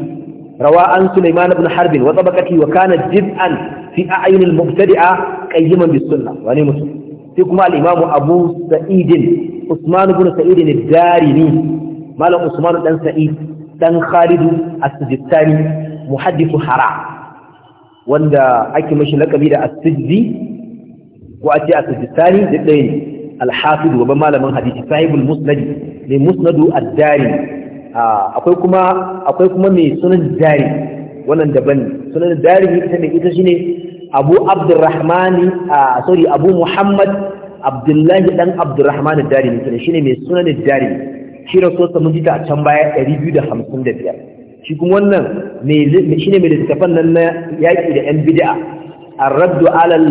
rawa an Suleiman ibn Harbin, wata bakati wa kana jib'an fi a'ayunin mubtadi'a qayyiman bi sunna, wani mutum. Sai kuma al’imamu Abu Sa’idin, Usman ibn Sa’idin Dari ne, Malam Usman ɗan Sa’id, dan khalidu as-sijistani muhaddithu hara wanda ake mashi lakabi da as-sijzi ko a as-sijistani da ɗaya ne al-hafid wa malamin hadisi sahibul musnad ne musnadu ad-dari akwai kuma akwai kuma mai sunan dari wannan daban sunan dari ita ne ita shine abu abdurrahmani sorry abu muhammad abdullahi dan abdurrahman ad-dari ne shine mai sunan ad-dari shi rasuwarsa mun ji a can baya 255 shi kuma wannan shi ne mai littafan nan na yaƙi da ‘yan bida'a an raddu alal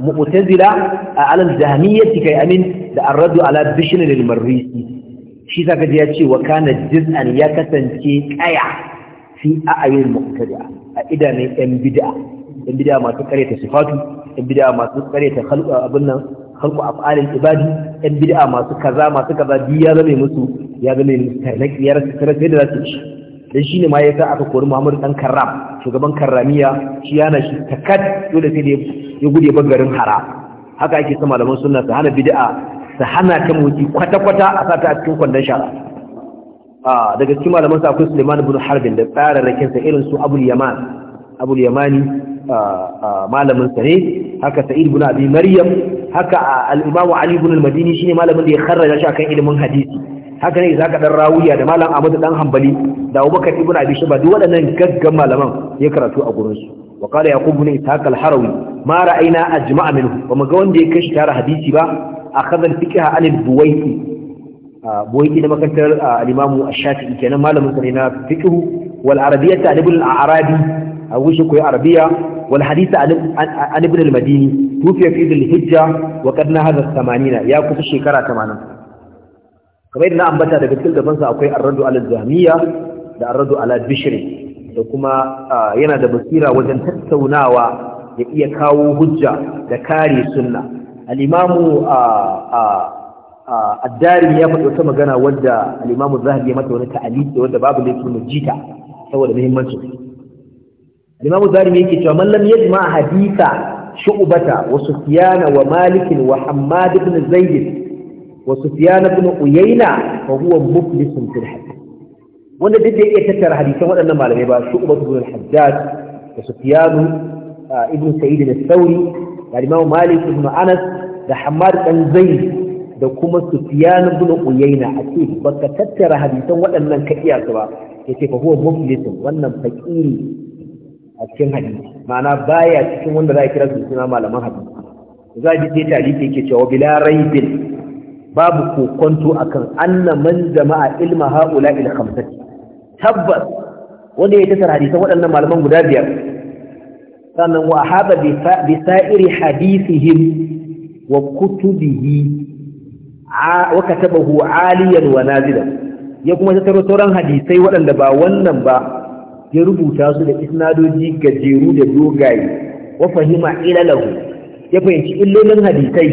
mu'tazila a alal jamiyyati kai amin da an raddu ala bishinar marrisi shi saka ya ce wa kana jiz'an ya kasance kaya fi a'ayin mu'tazila a idanun ‘yan bida'a ‘yan bida'a masu ta sifatu ‘yan bida'a masu ta abin nan halku af'alin ibadi yan bid'a masu kaza masu kaza biyu ya zame musu ya zame musu tarnaki ya rasa tarnaki da zasu ci dan shine ma yasa aka kori Muhammadu dan Karram shugaban Karramiya shi yana shi takat dole sai ya gude bangaren hara haka ake sa malaman sunna su hana bid'a su hana ta motsi kwata kwata a sata a cikin kwandon shara a daga cikin malaman sa akwai Suleiman ibn Harbin da tsararrakin sa irin su Abul Yaman Yamani malamin sa ne haka sa'id ibn abi maryam haka al-imam ali ibn al-madini shine malamin da ya kharraja shi akan ilimin hadisi haka ne zaka dan rawiya da malam ahmad dan hanbali da abubakar ibn abi shaba duk waɗannan gaggan malaman ya karatu a gurin su wa qala yaqub ibn ishaq al-harawi ma ra'ayna ajma'a minhu wa maga wanda ya kashi tare hadisi ba akhadha al-fiqh an al-buwaiti buwaiti da makarantar al-imam ash-shafi'i kenan malamin sa ne na fiqh wal arabiyyah ta ibn al-arabi a wushe koyi arabiya wal hadisi an ibn al-madini tufiya fi dhil hijja wa qad nahaza ya kusa shekara 80 kamar yadda na ambata daga cikin gaban sa akwai ar-radu ala zamiya da ar-radu bishri da kuma yana da basira wajen tattaunawa ya iya kawo hujja da kare sunna al-imamu ya faɗi wata magana wadda al-imamu zahabi ya mata wani ta'alib da wanda babu laifin mujita saboda muhimmancin imamu zarimi yake cewa man lam yajma haditha shu'bata wa sufyan wa malik wa hammad ibn zaid wa sufyan ibn uyayna fa huwa muflisun fil hadith wanda duk da yake tattara hadisan waɗannan malamai ba shu'batu ibn al-hajjaj da sufyan ibn sa'id al-thawri da imam malik ibn anas da hammad dan zaid da kuma sufyan ibn uyayna a ce baka tattara hadisan waɗannan ka iya su ba yace fa huwa muflisun wannan fakiri a cikin hadisi ma'ana baya cikin wanda za a kira su suna malaman hadisi za a ji sai tarihi yake cewa bila raibin babu kokonto akan anna man jama'a ilma haula ila khamsati tabbas wanda ya tasar hadisan waɗannan malaman guda biyar sannan wa haɗa bi sa'iri hadisihim wa kutubihi wa katabahu aliyan wa nazilan ya kuma tattaro sauran hadisai waɗanda ba wannan ba ya rubuta su da isnadoji gajeru da dogaye wa fahima ilalahu ya fahimci illolin hadisai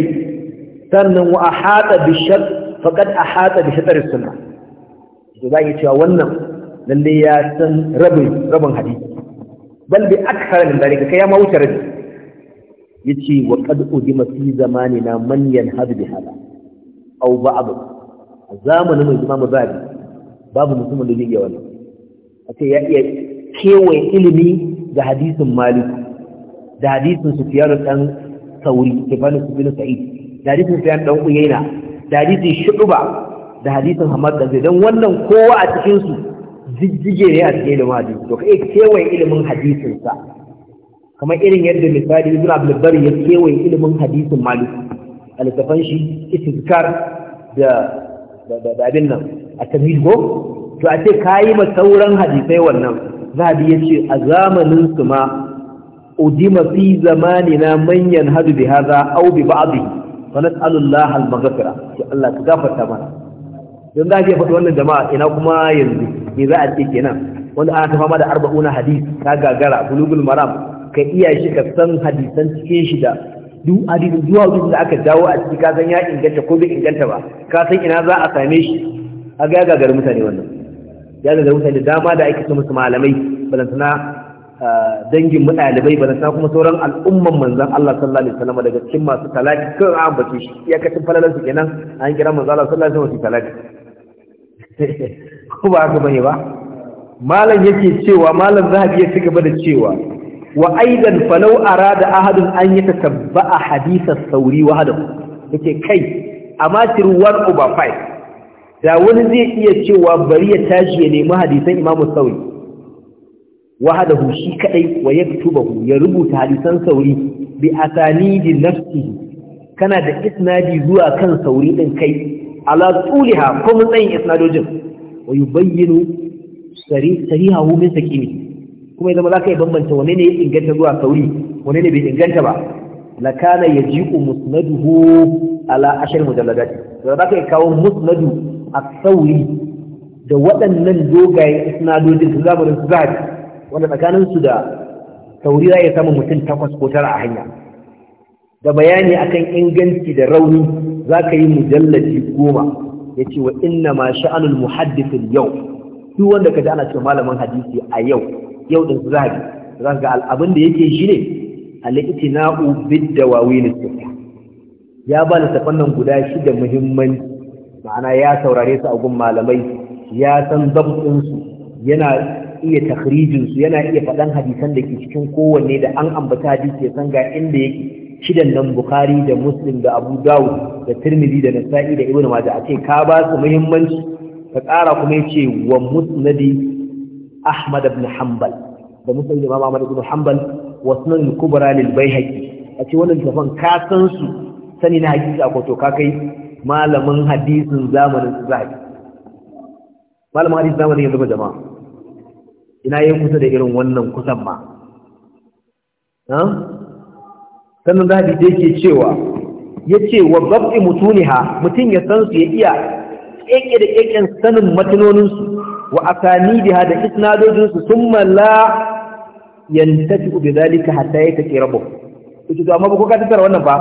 sannan wa ahata bi shar faqad ahata bi shatar sunna to za ki cewa wannan lalle ya san rabin rabin hadisi bal bi akthar min dalika kai ma wuce rabi yace wa qad udima fi zamanina man yanhadu bi hada aw ba'd a zamanin mu imamu zabi babu mutumin da zai iya wannan a ce ya iya kewaye ilimi da hadisin malik da hadisin Sufyan dan sauri ibn sufyan sa'id da hadisin sufyan dan Uyayna da hadisin shu'ba da hadisin hamad da zai dan wannan kowa a cikin su jijjige ne a cikin ilimin to kai kewaye ilimin hadisin sa kamar irin yadda misali ibn abdul bari ya kewaye ilimin hadisin malik alkafan shi istizkar da da abin nan a tamhid ko to a ce kayi ma sauran hadisai wannan Za a zahabi yace a zamanin su ma udima fi zamanina manyan hadu bi haza. aw bi ba'dhi fa nas'alu Allah al-maghfira to Allah ka gafarta mana don za a ke faɗi wannan jama'a ina kuma yanzu me za a ce kenan wanda ana tafama da arba'una hadis ta gagara bulugul maram ka iya shi ka san hadisan cikin shi da duk hadisin zuwa duk da aka dawo a ciki ka san ya inganta ko bai inganta ba ka san ina za a same shi a ga gagarin mutane wannan ya da mutane dama da ake ce musu malamai balantana ah, dangin mu ɗalibai balantana kuma sauran al'umman manzan Allah sallallahu alaihi wasallam daga cikin masu talaki kan an bace shi iyakacin falalar su kenan an kira manzan Allah sallallahu alaihi wasallam su talaki ko ba haka bane ba malam yake cewa malam zahabi ya cigaba da cewa wa aidan falau arada ahadun an yatatabba hadith as-sauri wahdahu yake kai amatir 1 over 5 da wani zai iya cewa bari ya tashi ya nemi hadisan imamu sauri wahadahu shi kadai wa yaktubahu ya rubuta hadisan sauri bi asanidi nafsi kana da isnadi zuwa kan sauri din kai ala tsuliha ko mun tsayin isnadojin wa yubayyinu hu min sakini kuma idan za yi bambanta wane ne ya inganta zuwa sauri wane ne bai inganta ba la kana yaji'u musnaduhu ala ashar mujalladati da zaka kawo musnadu A sauri da waɗannan dogaye isnadodin zamanin su zahabi wanda tsakanin su da sauri za ya samu mutum takwas ko tara a hanya da bayani akan inganci da rauni za ka yi mujallaci goma ya ce wa inna ma sha'anul muhaddifin yau duk wanda ka ji ana cewa malamin hadisi a yau yau da zahabi za ga al'abin da yake shi ne al'itina'u bid da istifa ya ba littafan nan guda da muhimmanci ma'ana ya saurare su a gun malamai ya san dabtinsu yana iya takhrijinsu yana iya faɗan hadisan da ke cikin kowanne da an ambata hadisi ya san ga inda yake shidan nan bukhari da muslim da abu dawud da tirmidhi da nasa'i da ibnu majah a ce ka ba su muhimmanci ka ƙara kuma yace wa musnadi ahmad ibn hanbal da musnadi imam ahmad ibn hanbal wa sunan kubra lil baihaqi a ce wannan tafan ka san su sani na hakika ko to ka kai malamin hadisin zamanin su zahabi malamin hadisin zamanin yanzu ba jama'a ina yin kusa da irin wannan kusan ma sannan zahabi da yake cewa ya ce wa babbi mutuniha mutum ya san su ya iya ƙeƙe da ƙeƙen sanin matinoninsu wa asani biha da isnadojinsu sun mala yantafi ubi zalika hatta ya ta ƙera ba ku ci to amma ba ku ka tattara wannan ba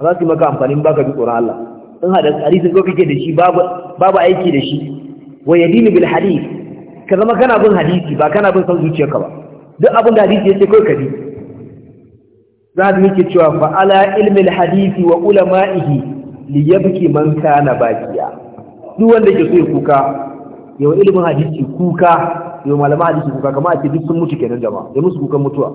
za su yi maka amfanin baka bi tsoron Allah in hadisin ko kake da shi babu babu aiki da shi wa yadinu bil hadith ka zama kana bin hadisi ba kana bin san zuciyarka ba duk abin da hadisi yake kai ka bi za mu yake cewa fa ala ilmi al hadisi wa ulama'ihi li yabki man kana baqiya duk wanda ke so ya kuka yau ilmin hadisi kuka yau malama hadisi kuka kamar a ce duk sun mutu kenan jama'a da musu kukan mutuwa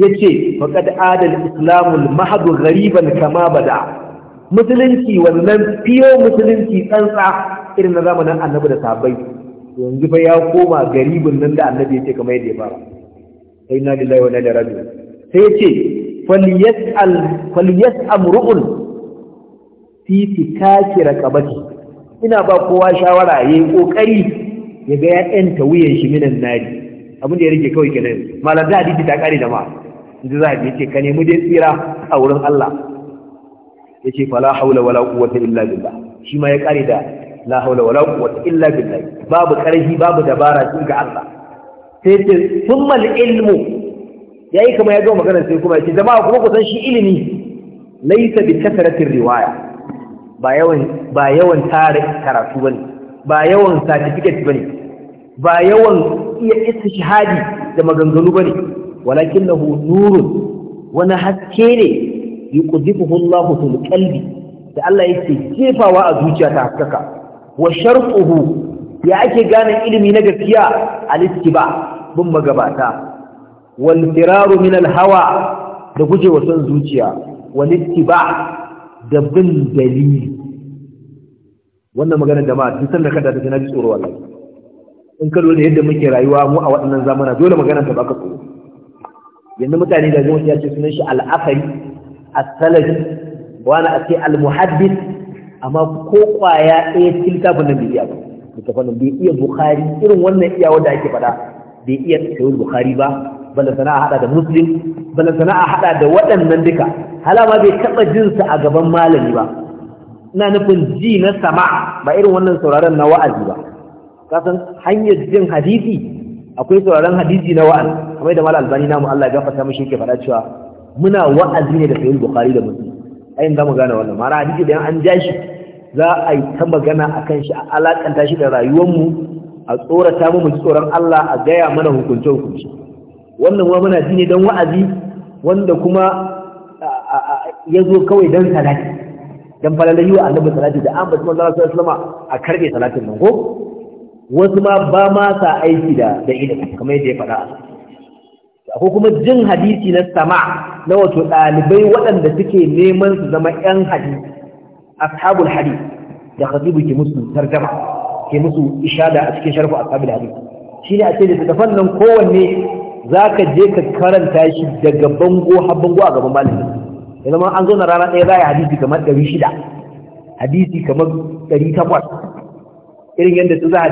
yace faqad adal islamul mahdu ghariban kama bada musulunci wannan fiyo musulunci tsantsa irin na zamanin annabi da sabai yanzu fa ya koma garibin nan da annabi ya ce kamar yadda ya fara sai na lillahi wa inna ilaihi sai ya ce falyas'al falyas'am ru'un fi tikaki raqabati ina ba kowa shawara yayi kokari ya ga ya yanta wuyan shi minan nari abin da ya rike kawai kenan malam da hadisi ta kare da ma inda za a ce ka nemi dai tsira a wurin Allah Ya ce fa la haula wala quwwata illa billah shi ma ya kare da la haula wala quwwata illa billah babu karfi babu dabara tun ga Allah sai ce thumma ilmu yayi kuma ya gama magana sai kuma ya ce jama'a kuma ku san shi ilimi laysa bi kasratir riwaya ba yawan ba yawan tare karatu bane ba yawan certificate bane ba yawan iya istishhadi da maganganu bane walakinahu nurun wani haske ne yuqdifuhu Allahu fil qalbi da Allah yake jefawa a zuciya ta haskaka wa sharquhu ya ake gane ilimi na gaskiya al-ittiba bin magabata wal firaru min al-hawa da gujewa son zuciya wal ittiba da bin dalili wannan magana jama'a duk sanda kada ta naji tsoro wallahi in ka lura yadda muke rayuwa mu a waɗannan zamana dole magana ta baka tsoro yanzu mutane da zuwa ya ce sunan shi al'afari as-salafi wani a ce al-muhaddis amma ko kwaya ɗaya cikin littafin nan bai iya ba littafin bai iya bukhari irin wannan iyawa da ake faɗa bai iya sayar bukhari ba bala sana'a haɗa da muslim bala sana'a haɗa da waɗannan duka halama bai taɓa jinsa a gaban malami ba ina nufin ji na sama ba irin wannan sauraron na wa'azi ba Ka san hanyar jin hadisi akwai sauraron hadisi na wa'azi kamar da malam albani namu Allah ya gafarta mishi yake faɗa cewa muna wa'azi ne da sayin bukhari da muslim ayin mu gane wannan mara hadisi da an ja shi za a yi ta magana kan shi a alakanta shi da rayuwar mu a tsorata mu ji tsoron Allah a gaya mana hukunce hukunce wannan wa muna ji ne don wa'azi wanda kuma ya zo kawai don salati don falalayi wa annabi salati da an basu Allah sallallahu alaihi a karbe salatin nan ko wasu ma ba ma sa aiki da da ilimi kamar yadda ya faɗa a akwai kuma jin hadisi na sama na wato ɗalibai waɗanda suke neman su zama ‘yan hadisi ashabul hadis da khatibu ke musu tarjama ke musu ishada a cikin sharfu ashabul hadis shi ne a ce da tafan nan kowanne za ka je ka karanta shi daga bango har bango a gaban malamin ya zama an zauna rana ɗaya za a yi hadisi kamar ɗari shida hadisi kamar ɗari takwas irin yadda su za a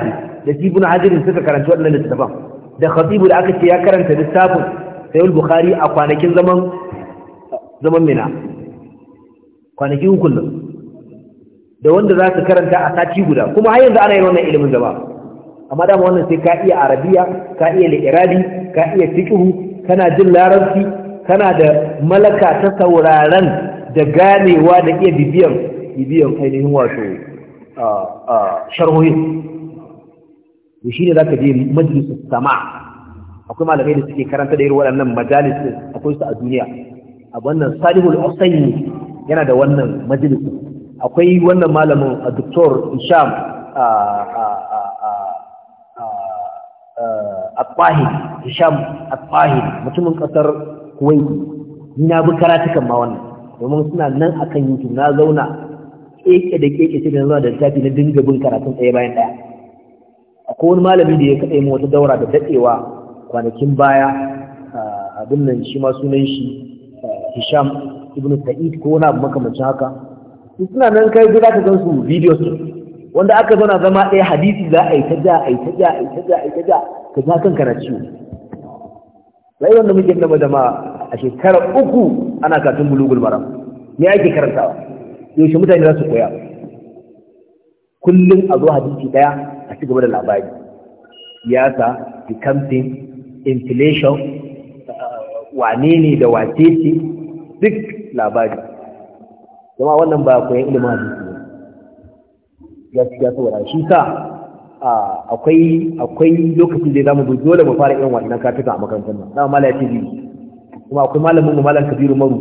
da sibuna hajjirin suka karanci waɗannan littattafan da khatibu da aka ce ya karanta littafin sayul bukhari a kwanakin zaman zaman mina kwanakin kullum da wanda za su karanta a sati guda kuma har yanzu ana yin wannan ilimin zama amma dama wannan sai ka iya arabiya ka iya li'irabi ka iya fiqhu kana jin larabci kana da malaka ta sauraron da ganewa da iya bibiyan bibiyan ainihin wato a a sharhoyin to shine zaka je majlisus sama akwai malamai da suke karanta da irin waɗannan majalis akwai su a duniya a wannan Salihul Usaini yana da wannan majalis akwai wannan malamin a Dr. Isham a mutumin kasar Kuwait na bi karatukan ma wannan domin suna nan akan yutu na zauna keke da keke sai da zuwa da littafi na dinga bin karatun ɗaya bayan ɗaya akwai wani malami da ya kaɗe mu wata daura da daɗewa kwanakin baya abin nan shi ma sunan shi hisham ibn sa'id ko wani abu makamancin haka su suna nan kai za ka gan su videos wanda aka zauna zama ɗaya hadisi za a yi ta ja a yi ta ja a yi ta ja a yi ta ja ka ja kanka na ciwo rayuwar wanda muke gaba jama'a a shekara uku ana katun bulugul maram me ake karantawa yaushe mutane za su koya kullum a zo hadisi ɗaya. a cikin da labari siyasa campaign inflation uh, wane ne da wace ce duk labari kuma wannan ba koyan ilimin hadisi ne ya saboda shi sa akwai akwai lokacin da zamu zo dole mu fara irin wannan katuka a makarantar nan dama mala yace biyu kuma akwai malamin mu malam Kabiru Maru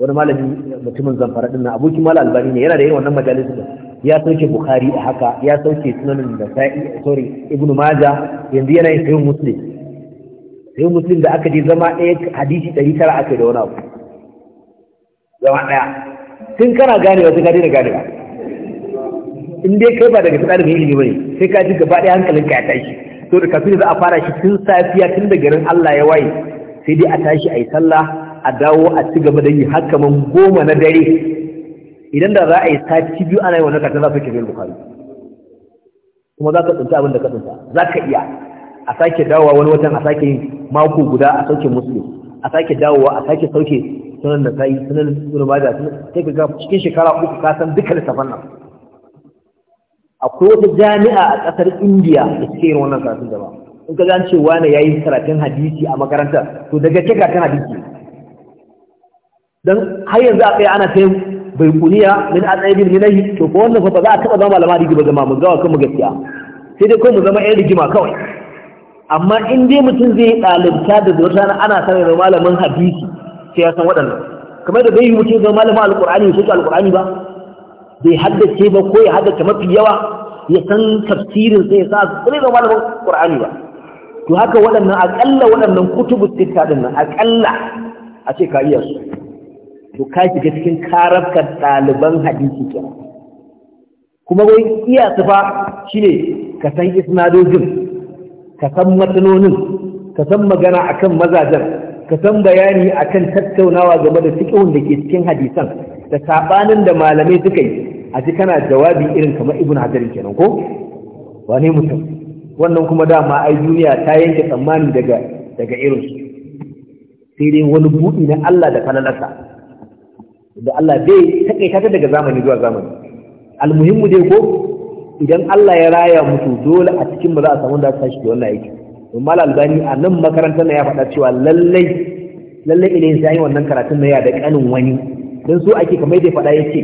wani malami mutumin zamfara din nan abokin malam Albani ne yana da yin wannan majalisa ya sauke bukhari a haka ya sauke sunanin da sa'i sorry ibn maja yanzu yana yin sayin muslim sayin muslim da aka je zama ɗaya hadisi ɗari tara aka da wani abu zama ɗaya tun kana gane wasu gane da gane ba in dai kai ba daga tsada da ilimi bane sai ka ji gaba ɗaya hankalin ka ya tashi to da kafin za a fara shi tun safiya tun da garin Allah ya waye sai dai a tashi a yi sallah a dawo a ci gaba da yi har kaman goma na dare idan da za a yi sati biyu ana yi wannan karatun za su kebe bukari kuma za ka tsinta abin da ka tsinta za ka iya a sake dawowa wani watan a sake yin mako guda a sauke musulun. a sake dawowa a sake sauke sunan da ta yi sunan sunan ba da sai ka ga cikin shekara uku ka san duka littafan nan akwai wata jami'a a ƙasar indiya da suke yin wannan karatun da ba in ka gane cewa na yayi karatun hadisi a makarantar? to daga ce karatun hadisi dan har yanzu a kai ana ta bai kuniya min an aibin minahi to ko wannan fa ba za a taba zama malama rigima zama mun gawa kuma gaskiya sai dai ko mu zama yan rigima kawai amma in dai mutum zai dalibta da zuwa ana sanar da malamin hadisi sai ya san waɗannan kamar da bai yi mutum zama malamin alqur'ani sai alqur'ani ba bai haddace ba ko ya haddace mafi yawa ya san tafsirin sai ya sa sai zama malamin Alƙur'ani ba to haka waɗannan aƙalla waɗannan kutubu sittadin nan aƙalla a ce ka iya su to ka shiga cikin karafkar ɗaliban hadisi ke kuma wai iya shi ne ka san isnadojin ka san matsalolin, ka san magana akan mazajen ka san bayani akan tattaunawa game da fiqhun da ke cikin hadisan da sabanin da malamai suka yi a ji kana jawabi irin kamar ibn hajar kenan ko Wani mutum wannan kuma dama ai duniya ta yanke tsammani daga daga irinsu sai dai wani buɗi na Allah da falalarsa da Allah bai takaita ta daga zamani zuwa zamani almuhimmu dai ko idan Allah ya raya mutu dole a cikin ba za a samu da ta shi wannan aiki Umar Albani a nan makarantar ya faɗa cewa lallai lallai idan sai wannan karatun na ya da kanin wani dan so ake kamar da faɗa yace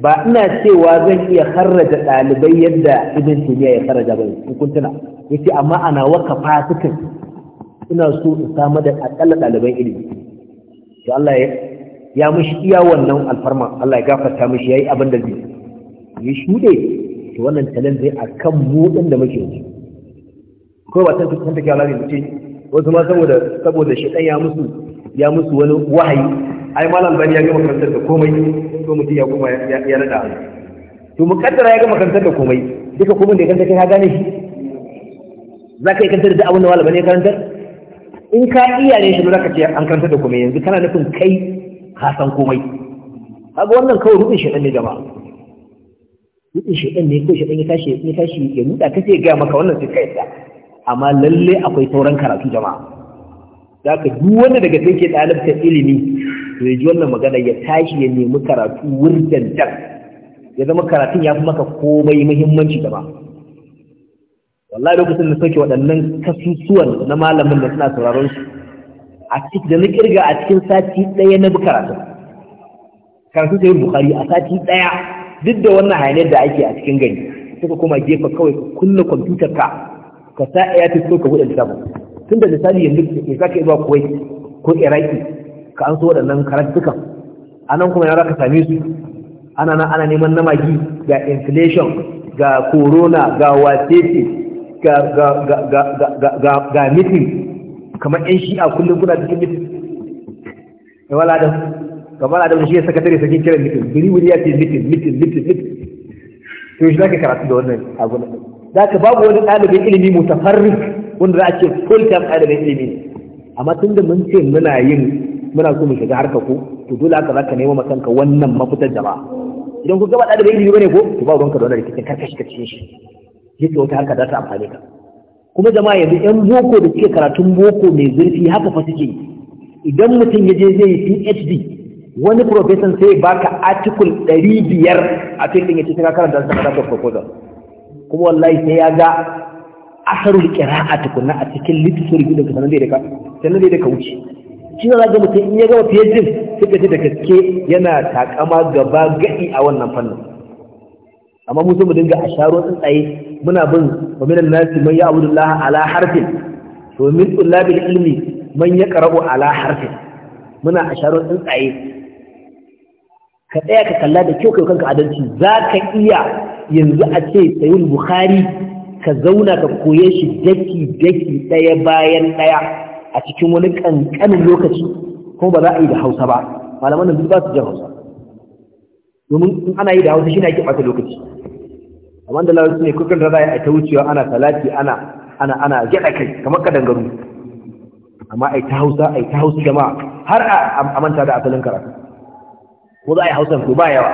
ba ina cewa zan iya kharraja dalibai yadda Ibn Taymiyyah ya kharraja ba hukuntuna yace amma ana waka fasikin ina so in samar da akalla ɗaliban ilimi to Allah ya ya mishi iya wannan alfarma Allah ya gafarta mishi yayi abin da zai ya shude to wannan talan zai akan mu din da muke yi ko ba san kun take Allah ne mutum wasu ma saboda saboda shedan ya musu ya musu wani wahayi ai malam bani ya gama kantar da komai to mutum ya kuma ya rada to mukaddara ya gama kantar da komai duka komai da kanta kai ka gane shi zaka yi kantar da abin da malam bani ya karantar in ka iya ne shi zaka ce an karantar da komai yanzu kana nufin kai ka san komai kaga wannan kawai rubin shaɗan ne gaba rubin shaɗan ne ko shaɗan ya tashi ya tashi ya nuda ka sai gaya maka wannan sai ka yadda amma lalle akwai sauran karatu jama'a za ka duk wanda daga sai ke ɗalibtar ilimi to ya ji wannan magana ya tashi ya nemi karatu wurdan dan ya zama karatun ya fi maka komai muhimmanci jama'a wallahi lokacin da suke waɗannan kasusuwan na malamin da suna sauraron su a da na kirga a cikin sati ɗaya na bi karatu karatu sai bukari a sati ɗaya duk da wannan hayaniyar da ake a cikin gari suka koma gefa kawai ka kunna kwamfutar ka ka sa ya fi so ka buɗe lissafin tun da misali yanzu ya sa ka yi ba kuwai ko iraki ka an so waɗannan karatukan a kuma yana ka same su ana nan ana neman magi ga inflation ga corona ga korona, ga ga ga ga kamar ɗan shi'a kullum kuna cikin mitin da eh, wala da kamar adam shi ya sakatare sakin kiran mitin biri wuri ya ce mitin mitin mitin mitin to shi zaka karatu da wannan abu na da ka babu wani ɗalibin ilimi mutafarrik wanda za a ce full time ɗalibin ilimi amma tun da mun ce muna yin muna so mu shiga harka ko to dole haka ka nemo ma kanka wannan mafitar jama'a idan ku gaba ɗalibin ilimi bane ko to ba ruwanka da wannan rikicin karkashin ka cikin shi yake wata harka za ta amfane ka kuma jama'a yanzu yan boko da suke karatun boko mai zurfi haka fa suke idan mutum ya je zai yi phd wani professor sai baka article 500 a cikin ya ce sai ka karanta sa ka kuma wallahi sai ya ga asarul qira'a tukunna a cikin literature gidan ka sanan da ka dai da ka wuce shi na ga mutum in ya gama phd sai ka da gaske yana takama gaba gadi a wannan fannin amma mu sai mu dinga asharo tsaye. muna bin wa minan nasi man ya'budu Allah ala harfin wa min ilmi man yaqra'u ala harfin muna asharar tsuntsaye ka ɗaya ka kalla da kyau kai kanka adalci za ka iya yanzu a ce sayin bukhari ka zauna ka koye shi daki daki ɗaya bayan ɗaya a cikin wani ƙanƙanin lokaci kuma ba za a yi da hausa ba malaman nan ba su jan hausa domin in ana yi da hausa shi ne ake ɓata lokaci amma da lawa ne kukan da za a ta wucewa ana salati ana ana ana gyada kai kamar ka dangaru amma ai ta hausa ai ta hausa jama'a har a manta da asalin karatu ko za a yi hausan ko ba yawa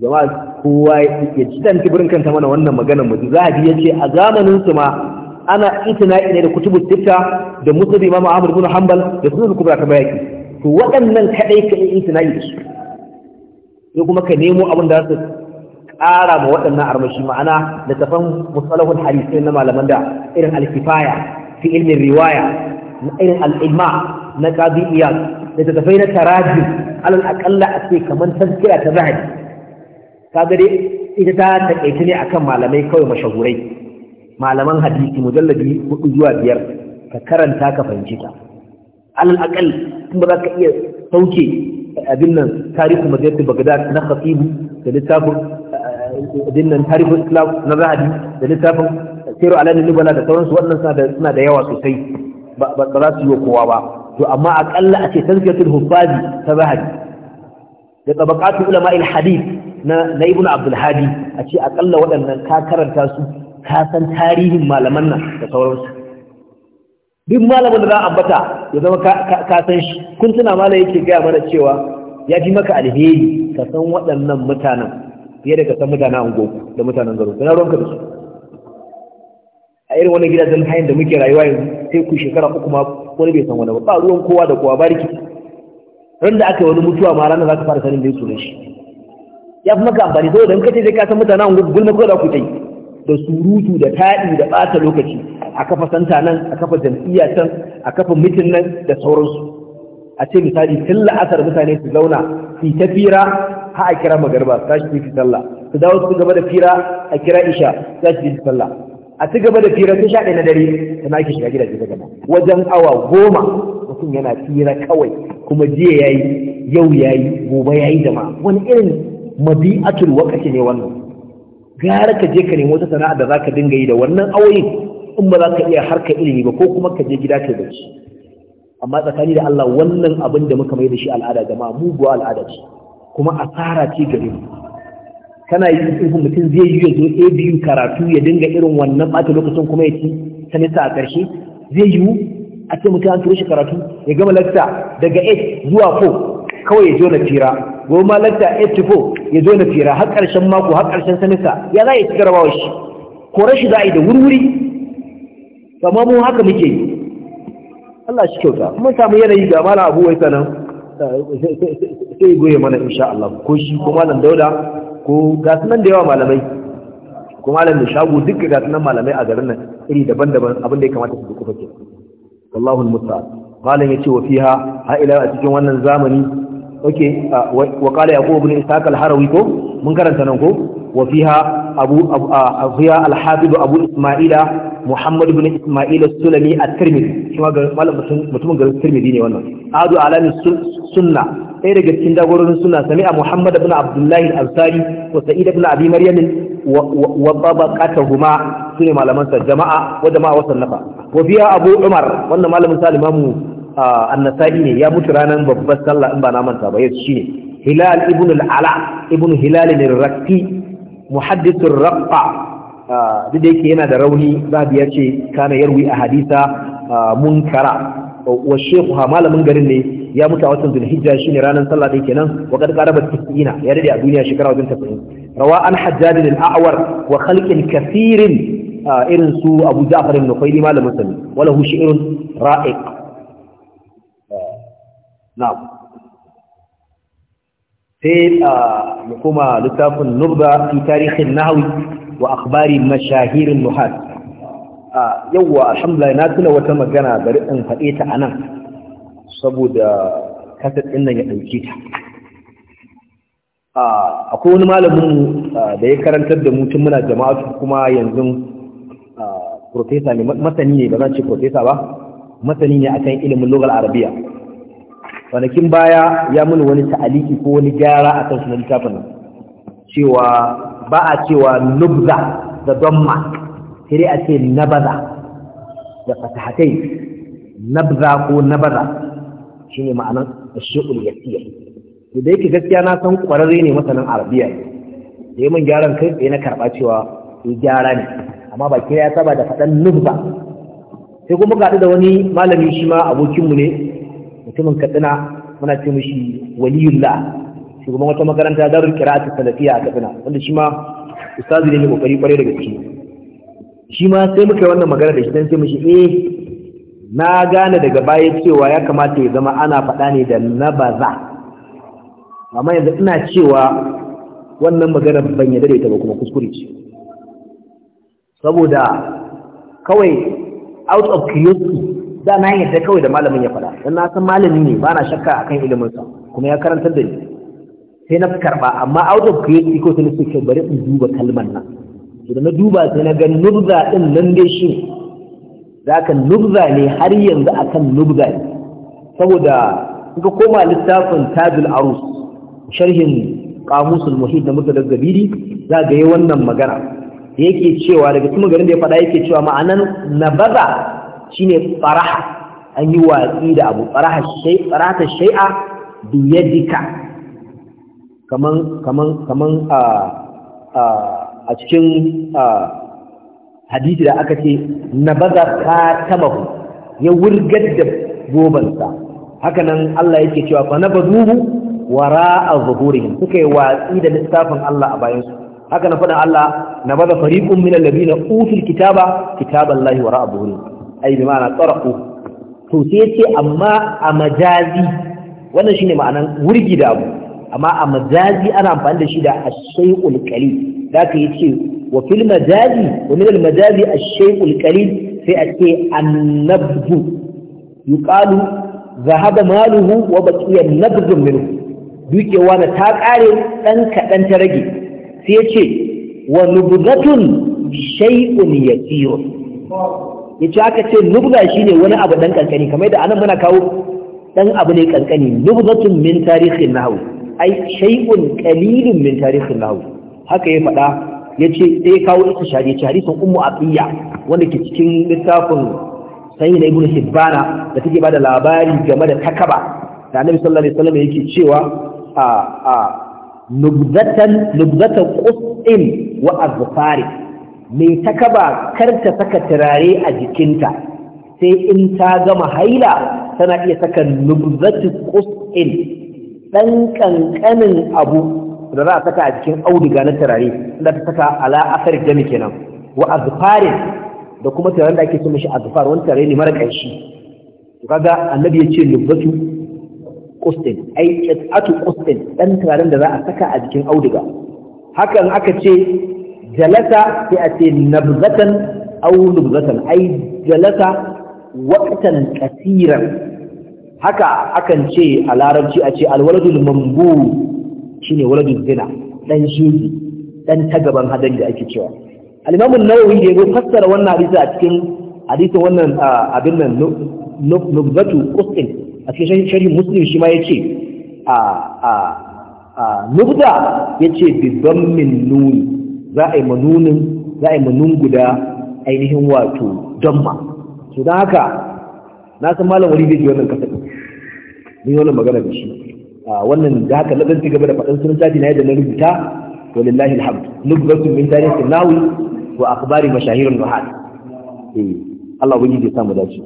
jama'a kowa ya ci dan tibirin kanta mana wannan maganar mutum a biya ce a zamanin su ma ana itina ne da kutubu sitta da musul imam ahmad ibn hanbal da sunan kubra ta bayaki to waɗannan kadai ka yi da su sai kuma ka nemo abin da su ƙara ma waɗannan armashi ma'ana littafan musalahul hadisai na malaman da irin alkifaya fi ilmin riwaya na irin al'ilma na ƙazi iya littattafai na taraji alal aƙalla a ce kamar taskira ta zahari ta gare ita ta taƙaita ne akan malamai kawai mashahurai malaman hadisi mujallabi hudu zuwa biyar ka karanta ka fahimci ta alal aƙal tun ba za ka iya sauke abin nan tarihin majalisa bagdad na khatibu da littafin nan tarihu islam na zahabi da littafin siru alamin nubala da sauransu waɗannan suna da yawa sosai ba za su yi kowa ba to amma akalla a ce tazkiyatul huffazi ta zahabi da tabaqatu ulama al hadith na na ibnu abdul hadi a ce akalla waɗannan ka karanta su ka san tarihin malaman nan da sauransu duk malamin da za a ambata ya zama ka san shi kun tuna yake gaya mana cewa ya fi maka alheri ka san waɗannan mutanen fiye da ka san mutanen ango da mutanen garo kana ruwanka da su a irin wani gidajen hayan da muke rayuwa yanzu sai ku shekara uku ma wani bai san wani ba ba ruwan kowa da kowa bariki ran da aka yi wani mutuwa ma ranar za ka fara sanin da ya tsore shi ya fi maka amfani saboda in kace zai ka san mutanen ango gulma ko da ku ta yi da surutu da taɗi da ɓata lokaci a kafa santa nan a kafa jam'iyya can a kafa mitin nan da sauransu a ce misali tun la'asar mutane su zauna su ta fira ha a kira magarba su tashi su sallah su dawo su gaba da fira a kira isha su tashi su sallah a ci gaba da fira sun sha na dare sun ake shiga gidaje daga gaba. wajen awa goma mutum yana fira kawai kuma jiya ya yi, yau ya yi, gobe ya yi jama'a wani irin mabi'atul wakati ne wannan gara ka je ka nemi wata sana'a da za ka dinga yi da wannan awoyin in ba za ka iya harka ilimi ba ko kuma ka je gida ka bacci amma tsakani da Allah wannan abin da muka mai da shi al'ada jama'a muguwa al'ada ce kuma asara ce gare mu kana yi tsufin mutum zai yi ya zo a biyu karatu ya dinga irin wannan ɓata lokacin kuma ya ci sanita a ƙarshe zai yiwu a ce mutum an turo karatu ya gama lakta daga 8 zuwa 4 kawai ya zo na fira gobe lakta 8 to 4 ya zo na fira har ƙarshen mako har ƙarshen sanita ya za a yi ci shi ko rashi za a yi da wurwuri kamar mu haka muke yi Allah shi kyauta mun samu yanayi ga mala abu wai sanan sai goye mana insha Allah ko shi ko malam dauda ko gasu nan da yawa malamai ko malam da shago duk ga nan malamai a garin nan iri daban-daban abin da ya kamata su kufa ke wallahu almusta'an malam yace wa fiha ha ila a cikin wannan zamani okay wa qala yaqub ibn ishaq al-harawi ko mun karanta nan ko وفيها أبو, أبو آه فيها الحافظ أبو إسماعيل محمد بن إسماعيل السلمي الترمذي كما قال متمن قال الترمذي ne wannan adu alami sunna ɗaya daga cikin dagororin sunna sami'a Muhammad ibn Abdullah al-Ansari wa Sa'id ibn Abi Maryam wa tabaqatuhuma sune malaman sa jama'a wa jama'a wa sannafa wa Abu Umar wannan malamin sa limamu annasai ne ya mutu ranar babbar sallah in ba na manta ba yace Hilal ibn al-Ala ibn muhaddisun rabba ah, duk da yake yana da rauni babu ya ce kana yarwi a hadisa ah, munkara wa shekhu ha malamin garin ne ya mutu a watan zulhijja shine ranar sallah da kenan wa kad qaraba 90 ya dade a duniya shekara wajen 90 rawa an hajjaj al-a'war wa khalqin kafirin ah, irin su abu ja'far al-nufaili malamin sani wala hu irin ra'iq sai mu koma littafin nurba fi tarihin nahawi wa akhbari mashahirin nuhat yawwa alhamdulillah na tuna wata magana bari in faɗe ta anan saboda kasar ɗin nan ya ɗauke ta akwai wani malamin da ya karantar da mutum muna jama'atu kuma yanzu professor ne masani ne ba zan ce profesa ba masani ne akan ilimin lugal arabiya kwanakin baya ya muni wani ta'aliki ko wani gyara a kan sunan littafin cewa ba a cewa nubza da damma sai a ce nabaza da fatahatai nabza ko nabaza shine ma'anar shi'ul yasir to da yake gaskiya na san kwararre ne masanin arabiya da yi gyaran kai tsaye na karɓa cewa ya eh, gyara ne amma ba kira ya saba da faɗan nubza sai kuma gaɗu da wani malami shi ma abokinmu ne mutumin katsina muna ce mishi waliyullah shugaban wata makaranta kira ta salafiya a katsina wanda shi ma ustazi ne kokari kware daga ciki. shi ma sai muka yi wannan magana da shi dan sai mishi eh na gane daga baya cewa ya kamata ya zama ana faɗa ne da nabaza amma yanzu ina cewa wannan magana ban yadda da ita ba kuma kuskure ce saboda kawai out of curiosity da na ta kawai da malamin ya faɗa dan na san malami ne ba na shakka akan ilimin sa kuma ya karantar da ni sai na karba amma out of creativity ko bari in duba kalmar nan idan na duba sai na ga nubza din nan dai shi zaka nubza ne har yanzu akan nubza ne saboda kuka koma littafin Tajul Arus sharhin Qamusul muhid da muka daggabiri za ga yi wannan magana yake cewa daga cikin garin da ya faɗa yake cewa ma'anan nabaza Shi ne faraha an yi watsi da abu faraha farata shai'a bi kaman a cikin hadisi da aka ce nabaza katamahu ya wurgar da gobansa haka nan Allah yake cewa fa wara a zuhurihim suka yi watsi da littafin Allah a bayansu haka na faɗin Allah nabaza fariqun minal ladina utul kitaba wara a zuhurihim ai bi ma'ana tsaraku to sai yace amma a majazi wannan shine ma'anan wurgi da abu amma a majazi ana amfani da shi da ash-shay'ul qalil zaka yace wa fil majazi wa min al majazi ash-shay'ul qalil sai ake annabdu yuqalu zahaba maluhu wa baqiya nabdun minhu dukewa na ta kare dan kadan ta rage sai yace wa nubdatun shay'un yasir yace aka ce nubza ne wani abu dan ƙanƙani, kamar da anan muna kawo ɗan abu ne ƙanƙani. nubzatun min tarihin nahwu ai shay'un qalilun min tarihin nahu haka ya faɗa yace ce, ɗaya kawo ita shari hadisin ummu aqiya wanda ke cikin littafin sayyid ibn hibbana da take bada labari game da takaba da annabi sallallahu alaihi wasallam yake cewa a a nubzatan nubzatan qus'in wa mai takaba kar ta saka turare a jikinta sai in ta gama haila tana iya saka nubzatu qus'in dan kankanin abu da za a saka a jikin auduga na turare da ta saka ala asar jami kenan wa azfarin da kuma turaren da ake so shi azfar wani turare ne mara kanshi to kaga annabi ya ce nubzatu qus'in ai qat'atu qus'in dan turaren da za a saka a jikin auduga hakan aka ce jalasa sai a ce nabzatan aw nubzatan ai jalasa waqtan katiran haka akan ce a larabci a ce alwaladul mambu shine waladul zina dan shi dan ta gaban hadan da ake cewa al-imam an-nawawi da ya fassara wannan hadisi a cikin hadisin wannan abin nan nubzatu qustin a cikin sharhi muslim shi ma yace a a nubda yace bi dammin nuni za a yi manunin za a yi manun guda ainihin wato damma to don haka na san malam wani zai ji wannan kasa ni wannan magana da shi wannan da haka ladan ci gaba da faɗin sunan tafi na yadda na rubuta to lillahi alhamd nubgatu min tarihi nawi wa akhbari mashahirun nuhat eh Allah ubangiji ya samu dace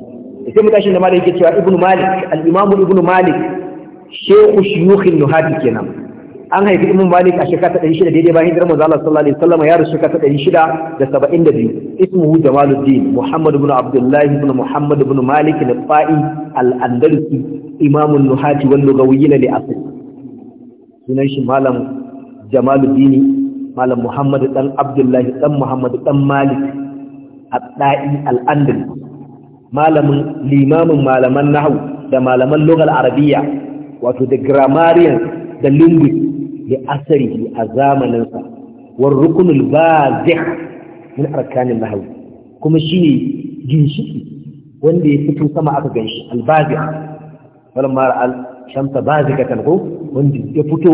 sai mu tashi da malam yake cewa ibnu malik al-imam ibnu malik shaykhu shuyukh an-nuhat kenan an haifi Imam Malik a shekara ta shida daidai bayan hijirar manzo Allah sallallahu alaihi wasallam ya rasu shekara ta shida da 672 ismuhu Jamaluddin Muhammad ibn Abdullah ibn Muhammad ibn Malik al-Fa'i al-Andalusi Imam an-Nuhati wal Lugawiyyin li asl sunan shi Malam Jamaluddin Malam Muhammad dan Abdullahi, dan Muhammad dan Malik al-Da'i al-Andalusi malamin limamin malaman nahwu da malaman lugal arabiya wato da grammarian da linguist li asarihi a zamaninsa war ba zai min arkanin nahwi kuma shine ginshiki wanda ya fito sama aka ganshi albazih walamma ra'al shamsa bazikatan ko wanda ya fito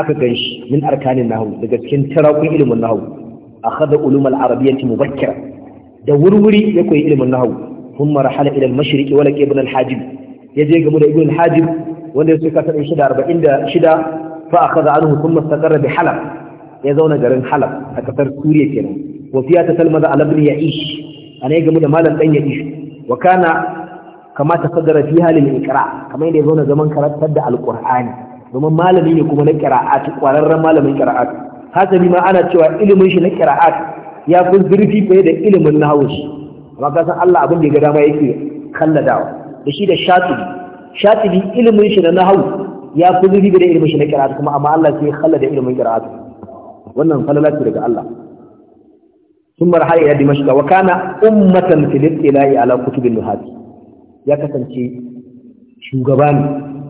aka ganshi min arkanin nahwu daga cikin tarakun ilimin nahwu akhadha ulum al-arabiyyah mubakkira da wurwuri ya koyi ilimin nahwu thumma mara hala idan mashriq wala ke ibn al Ya je gamu da ibn hajib wanda ya suka da shida. fa akhadha anhu thumma istaqarra bi halab ya zauna garin halab a kasar suriya kenan wa fiya tasalmaza ala ibn ya'ish anai gamu da malam dan ya'ish wa kana kama tasaddara fi halin iqra kamar yadda ya zauna zaman karantar da alqur'ani domin malami ne kuma na qira'at kwararren malamin qira'at hasali ma ana cewa ilimin shi na qira'at ya fi zurfi fiye da ilimin nahwu shi amma ka san Allah abin da ya ga dama yake kalladawa da shi da shatibi shatibi ilimin shi na nahwu ya fi zurfi da ilimin shi na qira'at kuma amma Allah sai khalla da ilimin qira'at wannan falala ce daga Allah ثم رحل إلى دمشق ummatan أمة في الاطلاع على kutubin النهاد ya kasance shugaba ne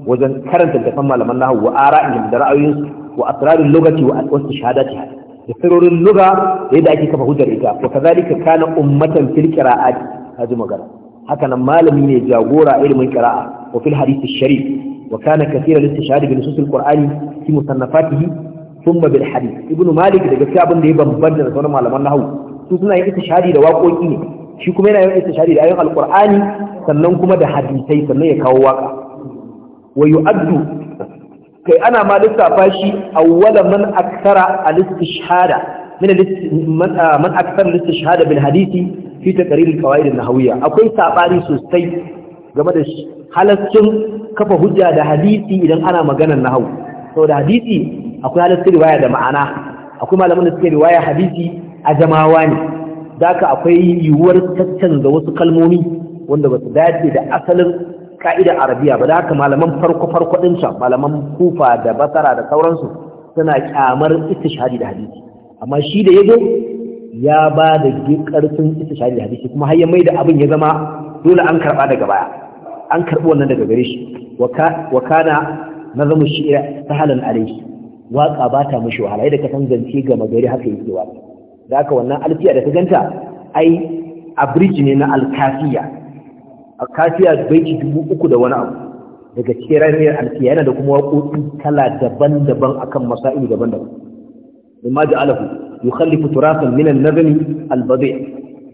wajen karanta littafan malaman nahu wa ara'ihim da ra'ayoyinsu wa asrarul lugati wa wasu shahadati da sirrorin lugha da yadda ake kafa hujjar ita wa kazalika kana ummatan fil qira'ati haji magana haka nan malami ne jagora ilimin qira'a wa fil hadith sharif وكان كثير الاستشهاد بنصوص القرآن في مصنفاته ثم بالحديث ابن مالك da gaskiya abin da ya bambanta da sauran malaman nahwu su suna yin istishhadi da waƙoƙi ne shi kuma yana yin istishhadi da ayoyin alqur'ani sannan kuma da hadisai sannan ya kawo waƙa. wa yu'addu kai ana ma lissafa shi awwala man akthara al-istishhada min man akthara al-istishhada bil hadisi fi taqrir al-qawaid an-nahawiyya akwai sabani sosai game da halaccin kafa hujja da hadisi idan ana maganar hau, saboda hadisi akwai halaccin riwaya da ma'ana akwai malamin da suke riwaya hadisi a jamawa ne daka akwai yiwuwar da wasu kalmomi wanda ba su dace da asalin ka'ida arabiya ba da malaman farko-farko ɗin can malaman kufa da basara da sauransu suna kyamar istishhadi da hadisi amma shi da yazo ya ba da karfin istishhadi da hadisi kuma har ya mai da abin ya zama dole an karba daga baya an karɓi wannan daga gare shi wa kana nazamu shi'ira sahalan alayhi waka ba ta mishi wahala yadda ka san zance ga magari haka yake wa da haka wannan alfiya da ka ganta ai abridge ne na alkafiya alkafiya baiti dubu uku da wani abu daga cikin ranar alfiya yana da kuma waƙoƙi kala daban-daban akan masa'il daban-daban mimma ja'alahu yukhallifu turasan min an-nazmi al-badi'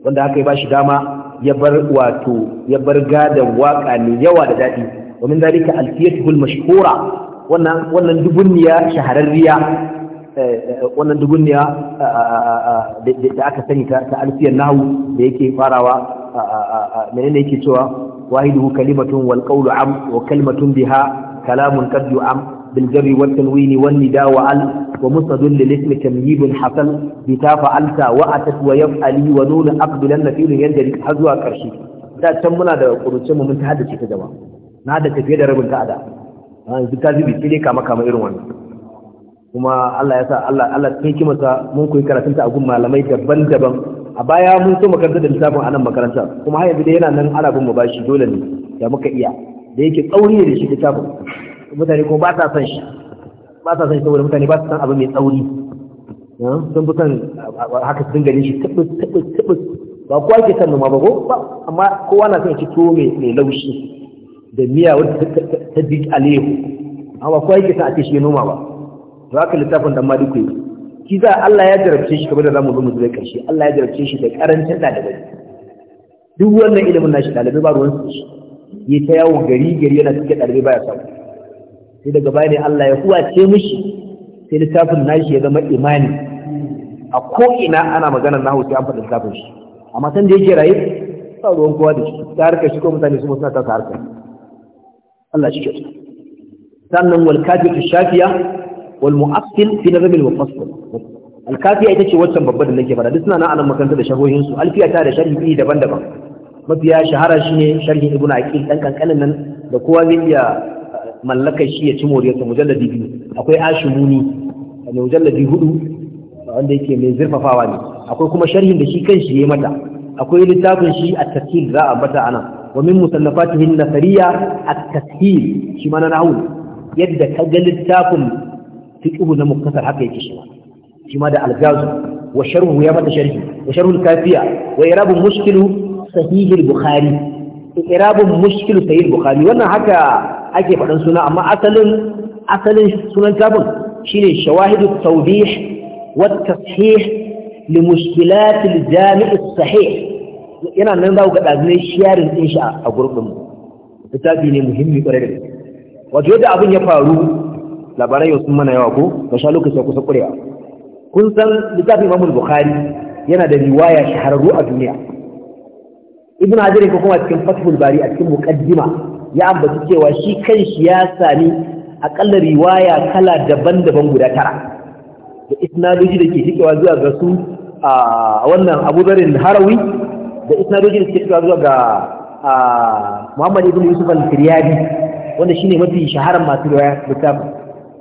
wanda haka ya bashi dama ya bar wato ya bar gadon waka mai yawa da daɗi wa min zalika alfiyatuhul mashhura wannan wannan dubunniya shahararriya eh, eh, wannan dubunniya da aka sani ta alfiyar nahau da yake farawa menene yake cewa wahidu kalimatun wal qawlu am wa kalimatun biha kalamun qad yu'am بالجر والتنوين والنداء وعل ومصد للاسم تمييز حسن بتا فعلت واتت ويفعلي ونون اقبلن فيل يندري har zuwa karshe da can muna da kurucin mu mun ta haddace ta jama'a na da tafiye da rabin ta'ada ah, yanzu ka zubi sai kama kama irin kuma Allah ya sa Allah Allah sai ki mun koyi karatun ta a gun malamai daban-daban a baya mun so makaranta da lissafin a nan makaranta kuma har yanzu dai yana nan arabin mu bashi dole ne da muka iya da yake tsauri da shi littafin mutane ko ba sa son shi ba sa son shi saboda mutane ba su san abu mai tsauri sun fi san haka sun gani shi tabbas tabbas tabbas ba kowa ke son noma ba ko amma kowa na son shi to mai laushi da miya wata ta bi alehu amma kowa ke sa a ce shi noma ba to haka littafin dan maliku yake ki za Allah ya jarabce shi kamar da zamu zo mu zuwa karshe Allah ya jarabce shi da karancin dalibai duk wannan ilimin nashi dalibai ba ruwan su shi yi ta yawo gari gari yana cike dalibai baya samu sai daga baya ne Allah ya huwace mishi sai littafin nashi ya zama imani a ko'ina ana magana na hausa an faɗi littafin shi amma san da yake raye ba ruwan kowa da shi ta harkar shi ko mutane su suna ta harkar Allah shi ke sannan wal kafiyatu shafiya wal mu'assil fi nazm al mufassal al kafiya ita ce waccan babban da nake faɗa. duk suna nan anan makaranta da shahohin su alfiya ta da sharhi daban-daban mafiya shahara shine sharhin ibnu aqil dan kankanin nan da kowa zai iya mallakar shi ya ci moriyarsa mujalladi biyu akwai ashimuni ne mujalladi hudu wanda yake mai zurfafawa ne akwai kuma sharhin da shi kan kanshi yayi mata akwai littafin shi a tafsir za a bata ana wa min musannafatihi an-nasariya at-tafsir shi ma na nahwu yadda ka ga littafin fiqhu na muktasar haka yake shi shi ma da al-gazu wa sharhu ya mata sharhi wa sharhul kafiya wa irabu mushkilu sahih al-bukhari irabu mushkilu sahih al-bukhari wannan haka ake faɗin suna amma asalin asalin sunan tabin shine shawahidu tawdih wa tashih li mushkilat al jami' al sahih yana nan za ku ga dazune sharing din shi a gurbin mu littafi ne muhimmi kwarai da wato yadda abin ya faru labarai yau sun mana yawa ko ga sha lokaci kusa kurewa kun san littafin Imam Bukhari yana da riwaya shahararru a duniya Ibn Hajar ko kuma cikin Fathul Bari a cikin muqaddima ya ambaci cewa shi kan shi ya sami akalla riwaya kala daban-daban guda tara da isnadoji da ke cikewa zuwa ga su a wannan abubarin harawi da isnadoji da ke cikewa zuwa ga Muhammadu ibn yusuf al-firyadi wanda shi ne mafi shaharar masu riwaya littafin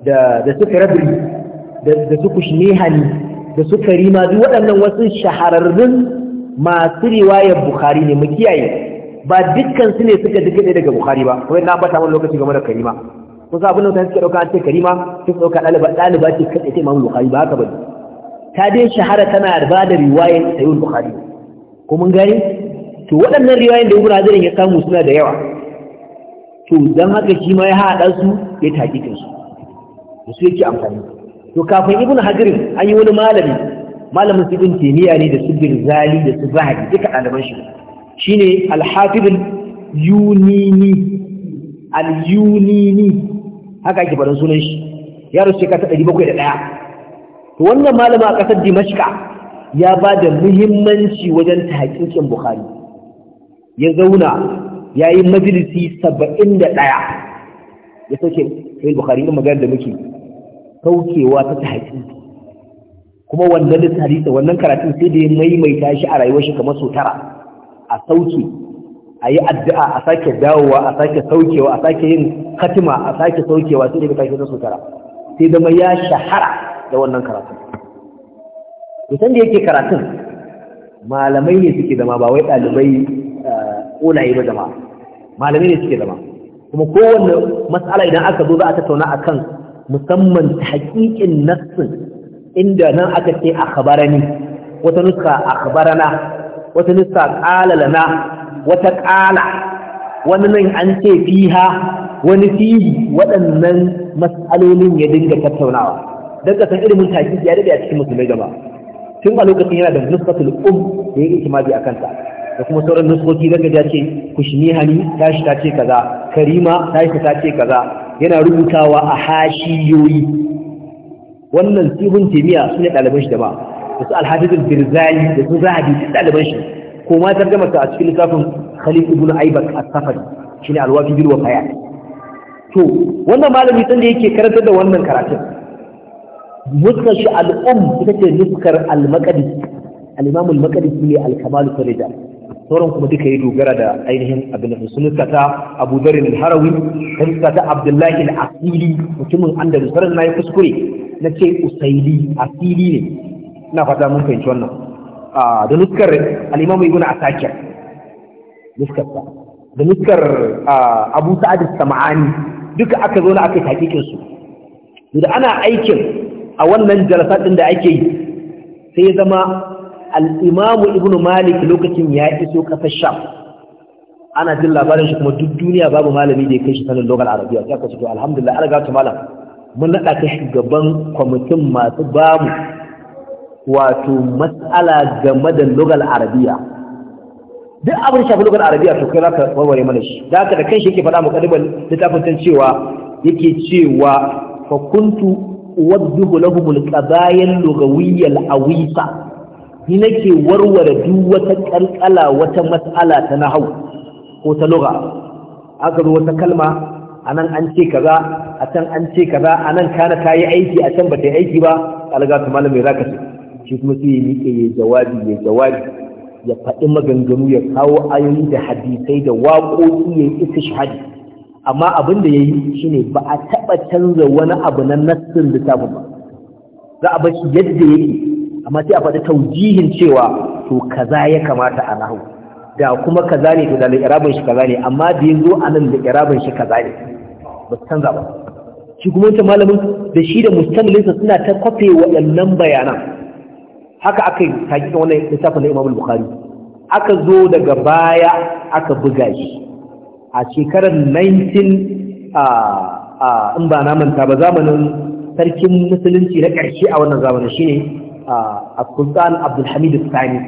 da da su firabri da su kushnihani da su karima duk waɗannan wasu shahararrun masu riwayar bukhari ne mu kiyaye ba dukkan su ne suka duka ne daga bukhari ba kuma na bata wani lokaci game da karima kusa abin da mutane suke ɗauka an ce karima suka ɗauka ɗaliba ɗaliba ce kan ita imamu bukhari ba haka ba ta dai shahara tana ba da riwayar sayyid bukhari ko mun gani to waɗannan riwayoyin da ibnu hajar ya samu suna da yawa to dan haka shi ma ya haɗa su ya taƙiƙin su da su yake amfani to kafin ibnu hajar an yi wani malami malamin su ibn taymiya ne da su birzali da su zahabi duka ɗaliban shi shine al-hafiz al-yunini al haka ake faɗin sunan shi ya rasu shekara ta ɗari bakwai da ɗaya to wannan malama a ƙasar dimashka ya ba da muhimmanci wajen ta haƙiƙin bukhari ya zauna ya yi majalisi saba'in da ɗaya ya sauke sai bukhari ɗin magana da muke kaukewa ta ta kuma wannan littafi wannan karatun sai da ya maimaita shi a rayuwar shi kamar sau tara a sauke a yi addu'a a sake dawowa a sake saukewa a sake yin katima a sake saukewa sai daga kashe na tara sai zama ya shahara da wannan karatun mutum da yake karatun malamai ne suke zama ba wai ɗalibai eh, ƙolaye ba zama malamai ne suke zama kuma kowane matsala idan aka zo za a tattauna a kan musamman ta haƙiƙin nassin inda nan aka ce a wata nuska a wata nista ƙala lana wata ƙala wani nan an ce fiha wani fihi waɗannan matsalolin ya dinga tattaunawa don ka ilimin taƙi ya daɗe a cikin musulmai gaba tun a lokacin yana da nuskatul um da ya yi itimadi a kanta da kuma sauran nuskoki zanga ja ce kushnihani tashi ta ce kaza karima tashi ta ce kaza yana rubutawa a hashiyoyi wannan sihun temiya sun ne ɗaliban shi da ba da su alhadidul birzani da su zahabi duk ɗaliban shi ko ma tarjama ta a cikin littafin khalid ibn aibak as-safari shine alwafi bil wafaya to wannan malami sanda yake karantar da wannan karatun muskar shi al'um ita ce nuskar al-maqdis al-imam al ne al-kamal farida sauran kuma duka yi dogara da ainihin abin da sun ta Abu Dharr al-Harawi sun ta Abdullahi al-Asili mutumin Andalus sanan nayi kuskure ce Usaili Asili ne ina fata mun fahimci wannan da nuskar al-imamu asakir nuskar ta da nuskar abu sa'ad samani duka aka zo na aka yi hakikin su da ana aikin a wannan jalasa din da ake yi sai ya zama al-imamu ibnu malik lokacin ya iso kasar sham ana jin labarin shi kuma duk duniya babu malami da ya kai shi sanin logal arabiya sai aka ce to alhamdulillah an malam mun nada kai shugaban kwamitin masu bamu wato matsala game da lugal arabiya duk abin shafi lugal arabiya to kai zaka warware mana shi da haka da kanshi yake faɗa muqaddiman littafin tan cewa yake cewa fa kuntu uwaddihu lahum alqadaya al-lughawiyya awisa ni nake warware duk wata kalkala wata matsala ta nahwu ko ta lugha aka zo wata kalma anan an ce kaza a can an ce kaza anan kana ta yi aiki a can ba ta yi aiki ba alga ta malamai za ka ce shi kuma sai ya miƙe ya jawabi ya jawabi ya faɗi maganganu ya kawo ayoyi da hadisai da waƙoƙi ya yi istishhadi amma abin da ya yi shi ne ba a taɓa canza wani abu na nassin littafin ba za a bar shi yadda yake amma sai a faɗi taujihin cewa to kaza ya kamata a nahu da kuma kaza ne to da irabin shi kaza ne amma da ya zo a nan da irabin shi kaza ne ba su canza ba shi kuma wancan malamin da shi da mustamalin suna ta kwafe waɗannan bayanan haka aka yi taƙi wannan littafin na imam bukhari aka zo daga baya aka buga shi a shekarar 19 a in ba na manta ba zamanin sarkin musulunci na ƙarshe a wannan zamanin shine a sultan abdulhamid sani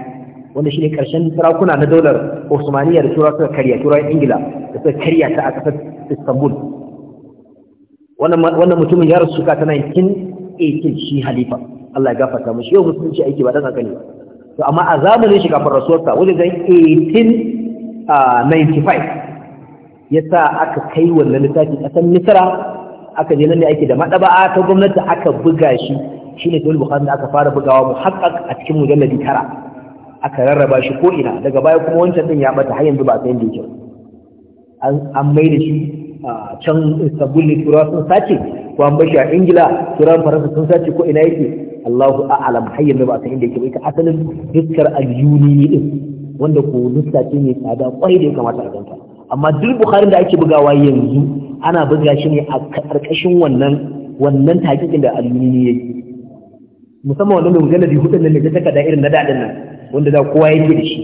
wanda shine ƙarshen sarakuna na daular osmaniya da turawa suka karya turawan ingila da suka karya ta a ƙasar istanbul wannan mutumin ya rasu ta 18 shi halifa Allah ya gafarta shi yau musulunci aiki ba dan haka ne to amma a zamanin shiga kafin rasuwarsa wajen zai 1895 yasa aka kai wannan littafi ƙasan Misra aka je nan ne ake da madaba'a ta gwamnati aka buga shi Shi ne Sahih Bukhari da aka fara bugawa mu muhaqqaq a cikin mujalladi tara aka rarraba shi ko ina daga baya kuma wancan din ya bata har yanzu ba sai da yake an mai da shi can Istanbul ne turawa sun sace ko a ingila turan faransa sun sace ko ina yake allahu alam hayyar da ba san inda yake ba ita asalin dukkan aljuni ne din wanda ko nuska ce tsada kwai da ya kamata a ganta amma duk bukharin da ake bugawa yanzu ana buga shi ne a karkashin wannan wannan takikin da aljuni ne yake musamman wannan mai da hudun nan da ta da irin na daɗin nan wanda da kowa yake da shi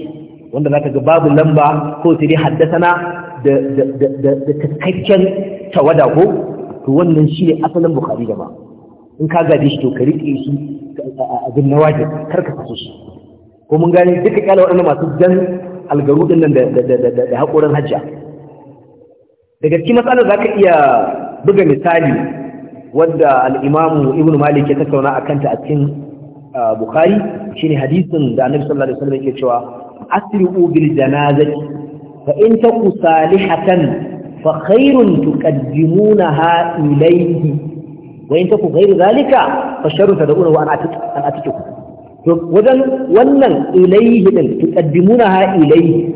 wanda zaka ga babu lamba ko sai dai na da da da da tawada ko to wannan shi ne asalin bukari da ba in ka gaje shi to ka riƙe shi abin na wajen kar ka kaso shi ko mun gane duka kyala waɗanda masu jan algaru ɗin nan da haƙorin hajja daga cikin matsalar za ka iya buga misali wadda al'imamu ibn malik ya tattauna a kanta a cikin bukari shine hadisin da annabi sallallahu alaihi wasallam yake cewa asri'u bil janazati fa in taku salihatan fa khairun tuqaddimunaha ilayhi wa in taku ghairu zalika fa sharru tad'una wa an atiku to wajen wannan ilayhi din tuqaddimunaha ilayhi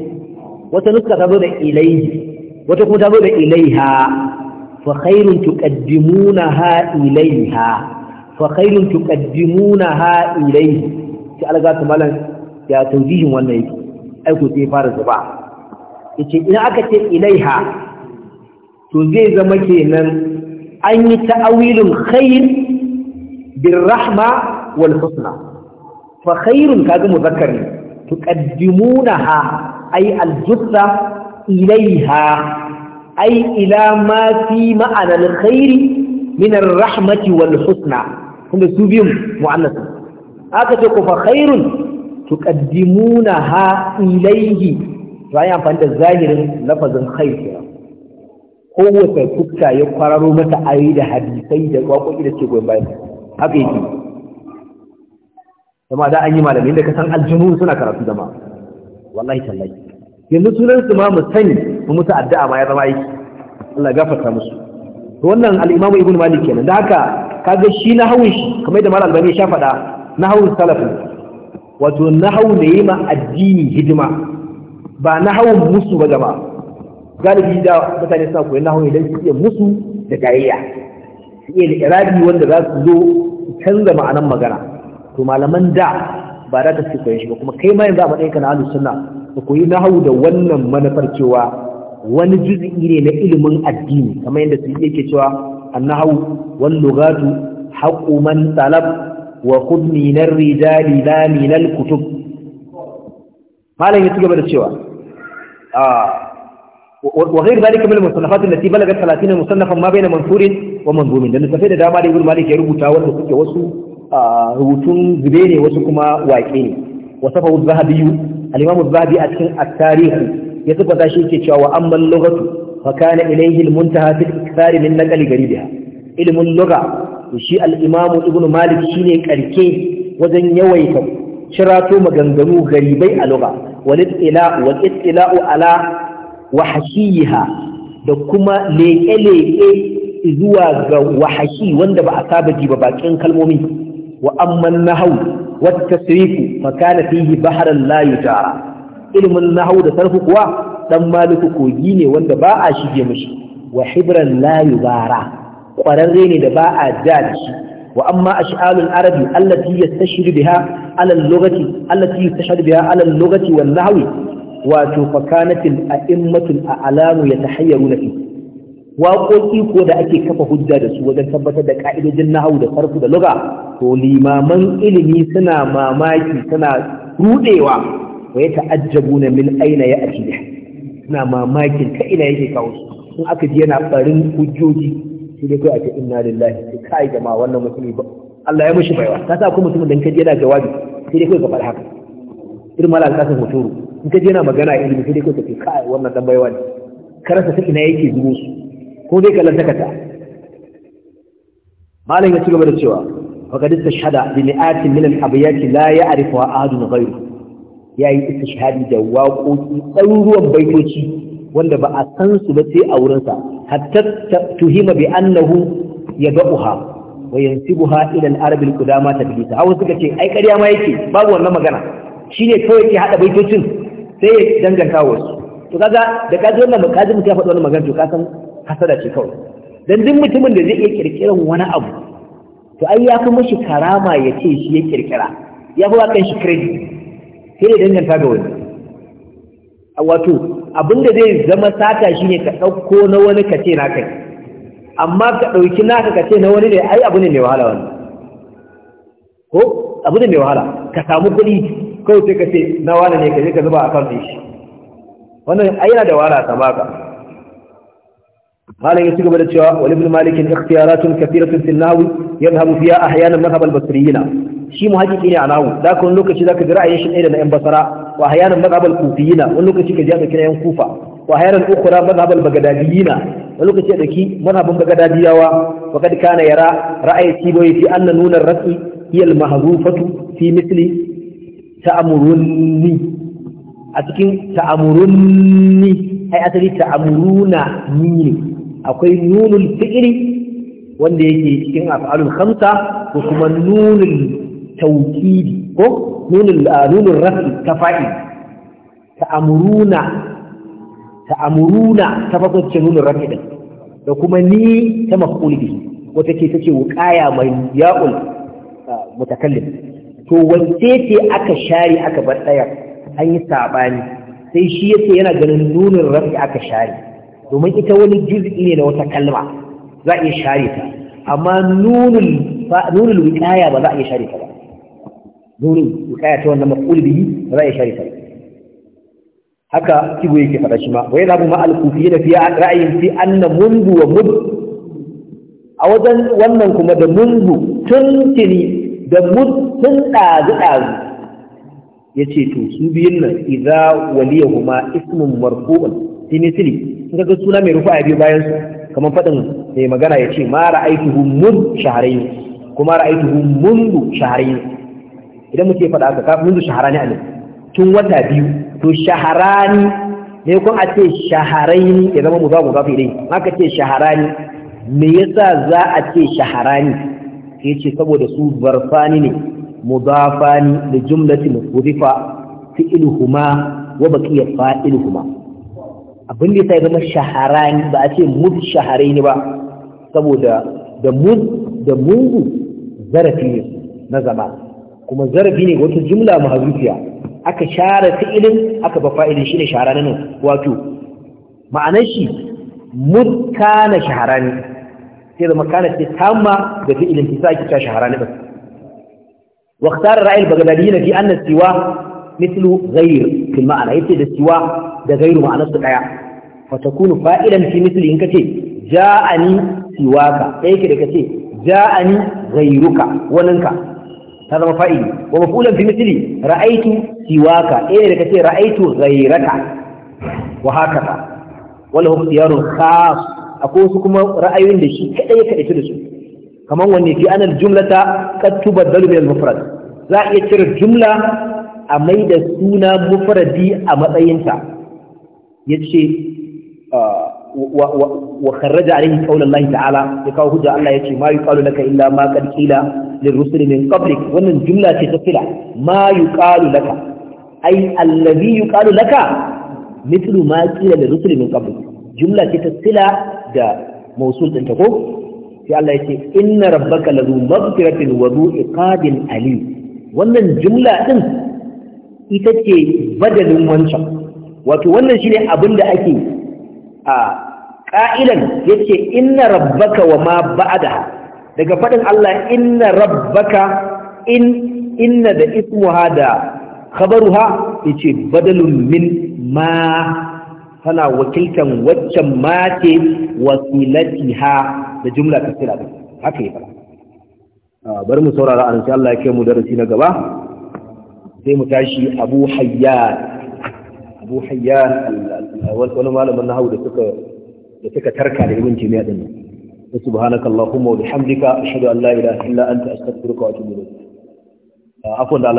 wata nuska ta zo da ilayhi kuma ta zo ilaiha fa khairun tuqaddimunaha ilayha fa khairun tuqaddimunaha ilayhi ya wannan ina aka ce ilaiha to zai zama kenan an yi ta'awilin khair bin rahma wal husna fa khairun kaga muzakkar ne tuqaddimunaha ay al jutta ilaiha ay ila ma fi ma'ana al khair min ar rahmati wal husna kuma su biyun mu'annas aka ce ku fa khairun tuqaddimunaha ilaihi to ayi amfani da zahirin lafazin khair kowace fuska ya kwararo mata ayi da hadisai da kwakwaki da ke goyon bayan haka yake kuma da an yi malami inda ka san aljumu suna karatu da ma wallahi tallahi yanzu sunan su ma mu sani mu mutu addu'a ma ya zama aiki Allah ya gafarta musu to wannan al-Imam Ibn Malik kenan da haka kaga shi na hawun shi kamar da Malam Albani ya sha faɗa na hawun salafin wato na hawu ne ma addini hidima ba na hawun musu ba jama'a galibi da mutane suna koyi nahawu idan su iya musu da gayayya su iya liƙirabi wanda za su zo canza ma'anan magana to malaman da ba za ka su koyon shi ba kuma kai ma yanzu a matsayinka na ahlus sunna ka koyi nahawu da wannan manufar cewa wani juz'i ne na ilimin addini kamar yadda su yake cewa annahu wal lughatu haqqu man talab wa khudh min ar-rijali la min al-kutub malam ya gaba da cewa ah وغير ذلك من المصنفات التي بلغت 30 مصنفا ما بين منصور ومنظوم da littafai da dama da Ibn Malik ya rubuta wanda suke wasu rubutun zube ne wasu kuma waƙe ne wasafa az-Zahabi al-Imam az-Zahabi a cikin at-Tarikh ya tabbata shi yake cewa wa amma al-lughatu fa kana ilayhi al-muntaha fi al-ikthar min naql garibiha ilmun lugha shi al-Imam Ibn Malik shine karke wajen yawaita cirato maganganu garibai a lugha wal-ittila'u wal-ittila'u ala wahashiha da kuma leƙe-leƙe zuwa ga wahashi wanda ba a saba ji ba bakin kalmomi wa amman nahau wat tasrifu fihi ilmin nahau da sarfu kuwa dan maliku kogi ne wanda ba a shige mishi wa hibran la kwararre ne da ba a ja shi wa amma ash'alul arabi allati yastashhadu biha ala al-lughati allati yastashhadu biha ala al-lughati wan nahwi wato fakanatin a immatin a alamu ya tahayyaru na fi waƙoƙi ko da ake kafa hujja da su wajen tabbatar da ƙa'idojin hau da farko da luga to limaman ilimi suna mamaki suna rudewa wa ya ta'ajjabu na min aina ya ajiya suna mamakin ka ina yake kawo su in aka ji yana barin hujjoji sai dai kai a ce inna lillahi sai kai jama'a wannan mutum ba Allah ya mishi baiwa ka sa ko mutumin dan kaje yana jawabi sai dai kai ka faɗa haka irin malaka sun hotoro in ka je yana magana ilimi sai dai ko tafi kai wannan dan baiwa ne karanta ta ina yake zuwa su ko dai kallon takata malam ya ci gaba da cewa faqad istashhada bi mi'atin min al-abyat la ya'rifuha ahadun ghayru yayi istishhadi da waƙoƙi ɗaruruwan baitoci wanda ba a san su ba sai a wurinsa hatta tuhima bi annahu yad'uha wa yansibuha ila al-arab al-qudama tadlisa hawa suka ce ai ƙarya ma yake babu wannan magana shine kawai ke hada baitocin sai danganta wasu to kaga da kaji wannan ba kaji mutum ya faɗi wannan magana to ka san hasada ce kawai dan duk mutumin da zai iya kirkiran wani abu to ai ya fi mashi karama ya ce shi ya kirkira ya fi wakan shi kredi sai ya danganta ga wani wato abin da zai zama sata shine ka ɗauko na wani ka ce na kai amma ka ɗauki naka ka ce na wani ne ai abu ne mai wahala wani ko abu ne mai wahala ka samu kuɗi kawai sai ka ce na wane ne ka je ka zuba a kan shi wannan ayyana da wara ta baka malam ya ci gaba da cewa wal ibn malik ikhtiyaratun kathiratun fil nahwi yadhhabu fiha ahyanan madhhab al basriyina shi mu muhaqiqi ne a nahwu da kan lokaci zaka ji ra'ayin shi ɗaya da na yan basara wa ahyanan madhhab al kufiyina wani lokaci ka ji aka kira yan kufa wa ahyanan ukhra madhhab al bagdadiyina wani lokaci a daki madhabin bagdadiyawa wa kad kana yara ra'ayi tiboyi fi anna nuna ar iyal hiya al-mahrufatu fi mithli ta'amurunni a cikin ta'amurunni ai asali ta'amuruna ni ne akwai nunul fi'ili wanda yake cikin af'alul khamsa ko kuma nunul tawkidi ko nunul nunul rafi tafa'i ta'amuruna ta'amuruna ta farko ce nunul rafi din da kuma ni ta maf'ul bihi wata ce take wuqaya mai ya'ul mutakallim to wace ce aka share aka bar ɗaya an yi saɓani sai shi yace yana ganin nunin rafi aka share domin ita wani juz'i ne na wata kalma za a iya share ta amma nunin nunin wikaya ba za a iya share ta ba nunin wikaya ta wannan maf'ul bihi ba za a iya share ta ba haka kibo yake faɗa shi ma wa yana bu ma al-kufiyya fi ra'ayin fi anna mundu wa mud a wajen wannan kuma da mundu tuntuni da mutun ɗazu ɗazu ya ce to su biyun nan idza waliyahuma ismun marfu'un fi misli in ga suna mai rufa biyu bayan su kamar fadin mai magana ya ce ma ra'aituhu mun shahrayn kuma ra'aituhu mundu shahrayn idan muke faɗa ka ka mundu shahrani alif tun wata biyu to shaharani ne kun a ce ne? ya zama mu za mu zafi dai maka ce shaharani me yasa za a ce shaharani sai ce saboda su barfani ne mudafani da jumlatin wudifa ilhuma wa baqiya ilhuma. abin da sai zama shaharani ba a ce mud shaharaini ba saboda da mud da mungu zarafi ne na zama kuma zarafi ne wata jumla mahzufiya aka share fi'ilin aka ba fa'ilin shine shaharani wato ma'anar shi mud kana shaharani sai zama kana ce tamma da fi'ilin fi saki ta shahara ne bas wa ikhtar ra'ayi al na fi anna siwa mithlu ghayr fi ma'ana yace da siwa da ghayr ma'anar su daya fa takunu fa'ilan fi mithli in kace ja'ani siwaka sai yake da kace ja'ani ghayruka ka ta zama fa'ili wa mafulan fi mithli ra'aytu siwaka eh da kace ra'aytu ghayraka wa hakaka wala hum khas akwai wasu kuma ra'ayoyin da shi kadai ya kadaitu da su kamar wanne fi anal jumlata qad tubaddalu bil mufrad za a iya cire jumla a mai da suna mufradi a matsayinta yace ah, wa kharraja alayhi qawlan Allah ta'ala ya kawo hujja Allah ya ce ma yuqalu laka illa ma qad qila lirrusul min qablik wannan jumla ce ta fila ma yuqalu laka ay allazi yuqalu laka mithlu ma qila lirrusul min qablik jumla ce ta sila da mausul din ta ko sai Allah yake inna rabbaka lazu maghfiratin wa zu iqabin ali wannan jumla din ita ce badalin wancan wato wannan shine abin da ake a ƙa'ilan yace inna rabbaka wa ma ba'daha daga fadin Allah inna rabbaka in inna da ismuha da khabaruha yace badalun min ma tana wakiltan waccan mace ha da jumla kasira da haka yi fara bari mu saurara an Allah ya kai mu darasi na gaba sai mu tashi Abu Hayyan Abu Hayyan wani malamin na hau da suka da suka tarka da ibn Taymiyyah din subhanaka allahumma wa bihamdika ashhadu an la ilaha illa anta astaghfiruka wa atubu ilayk afwan da Allah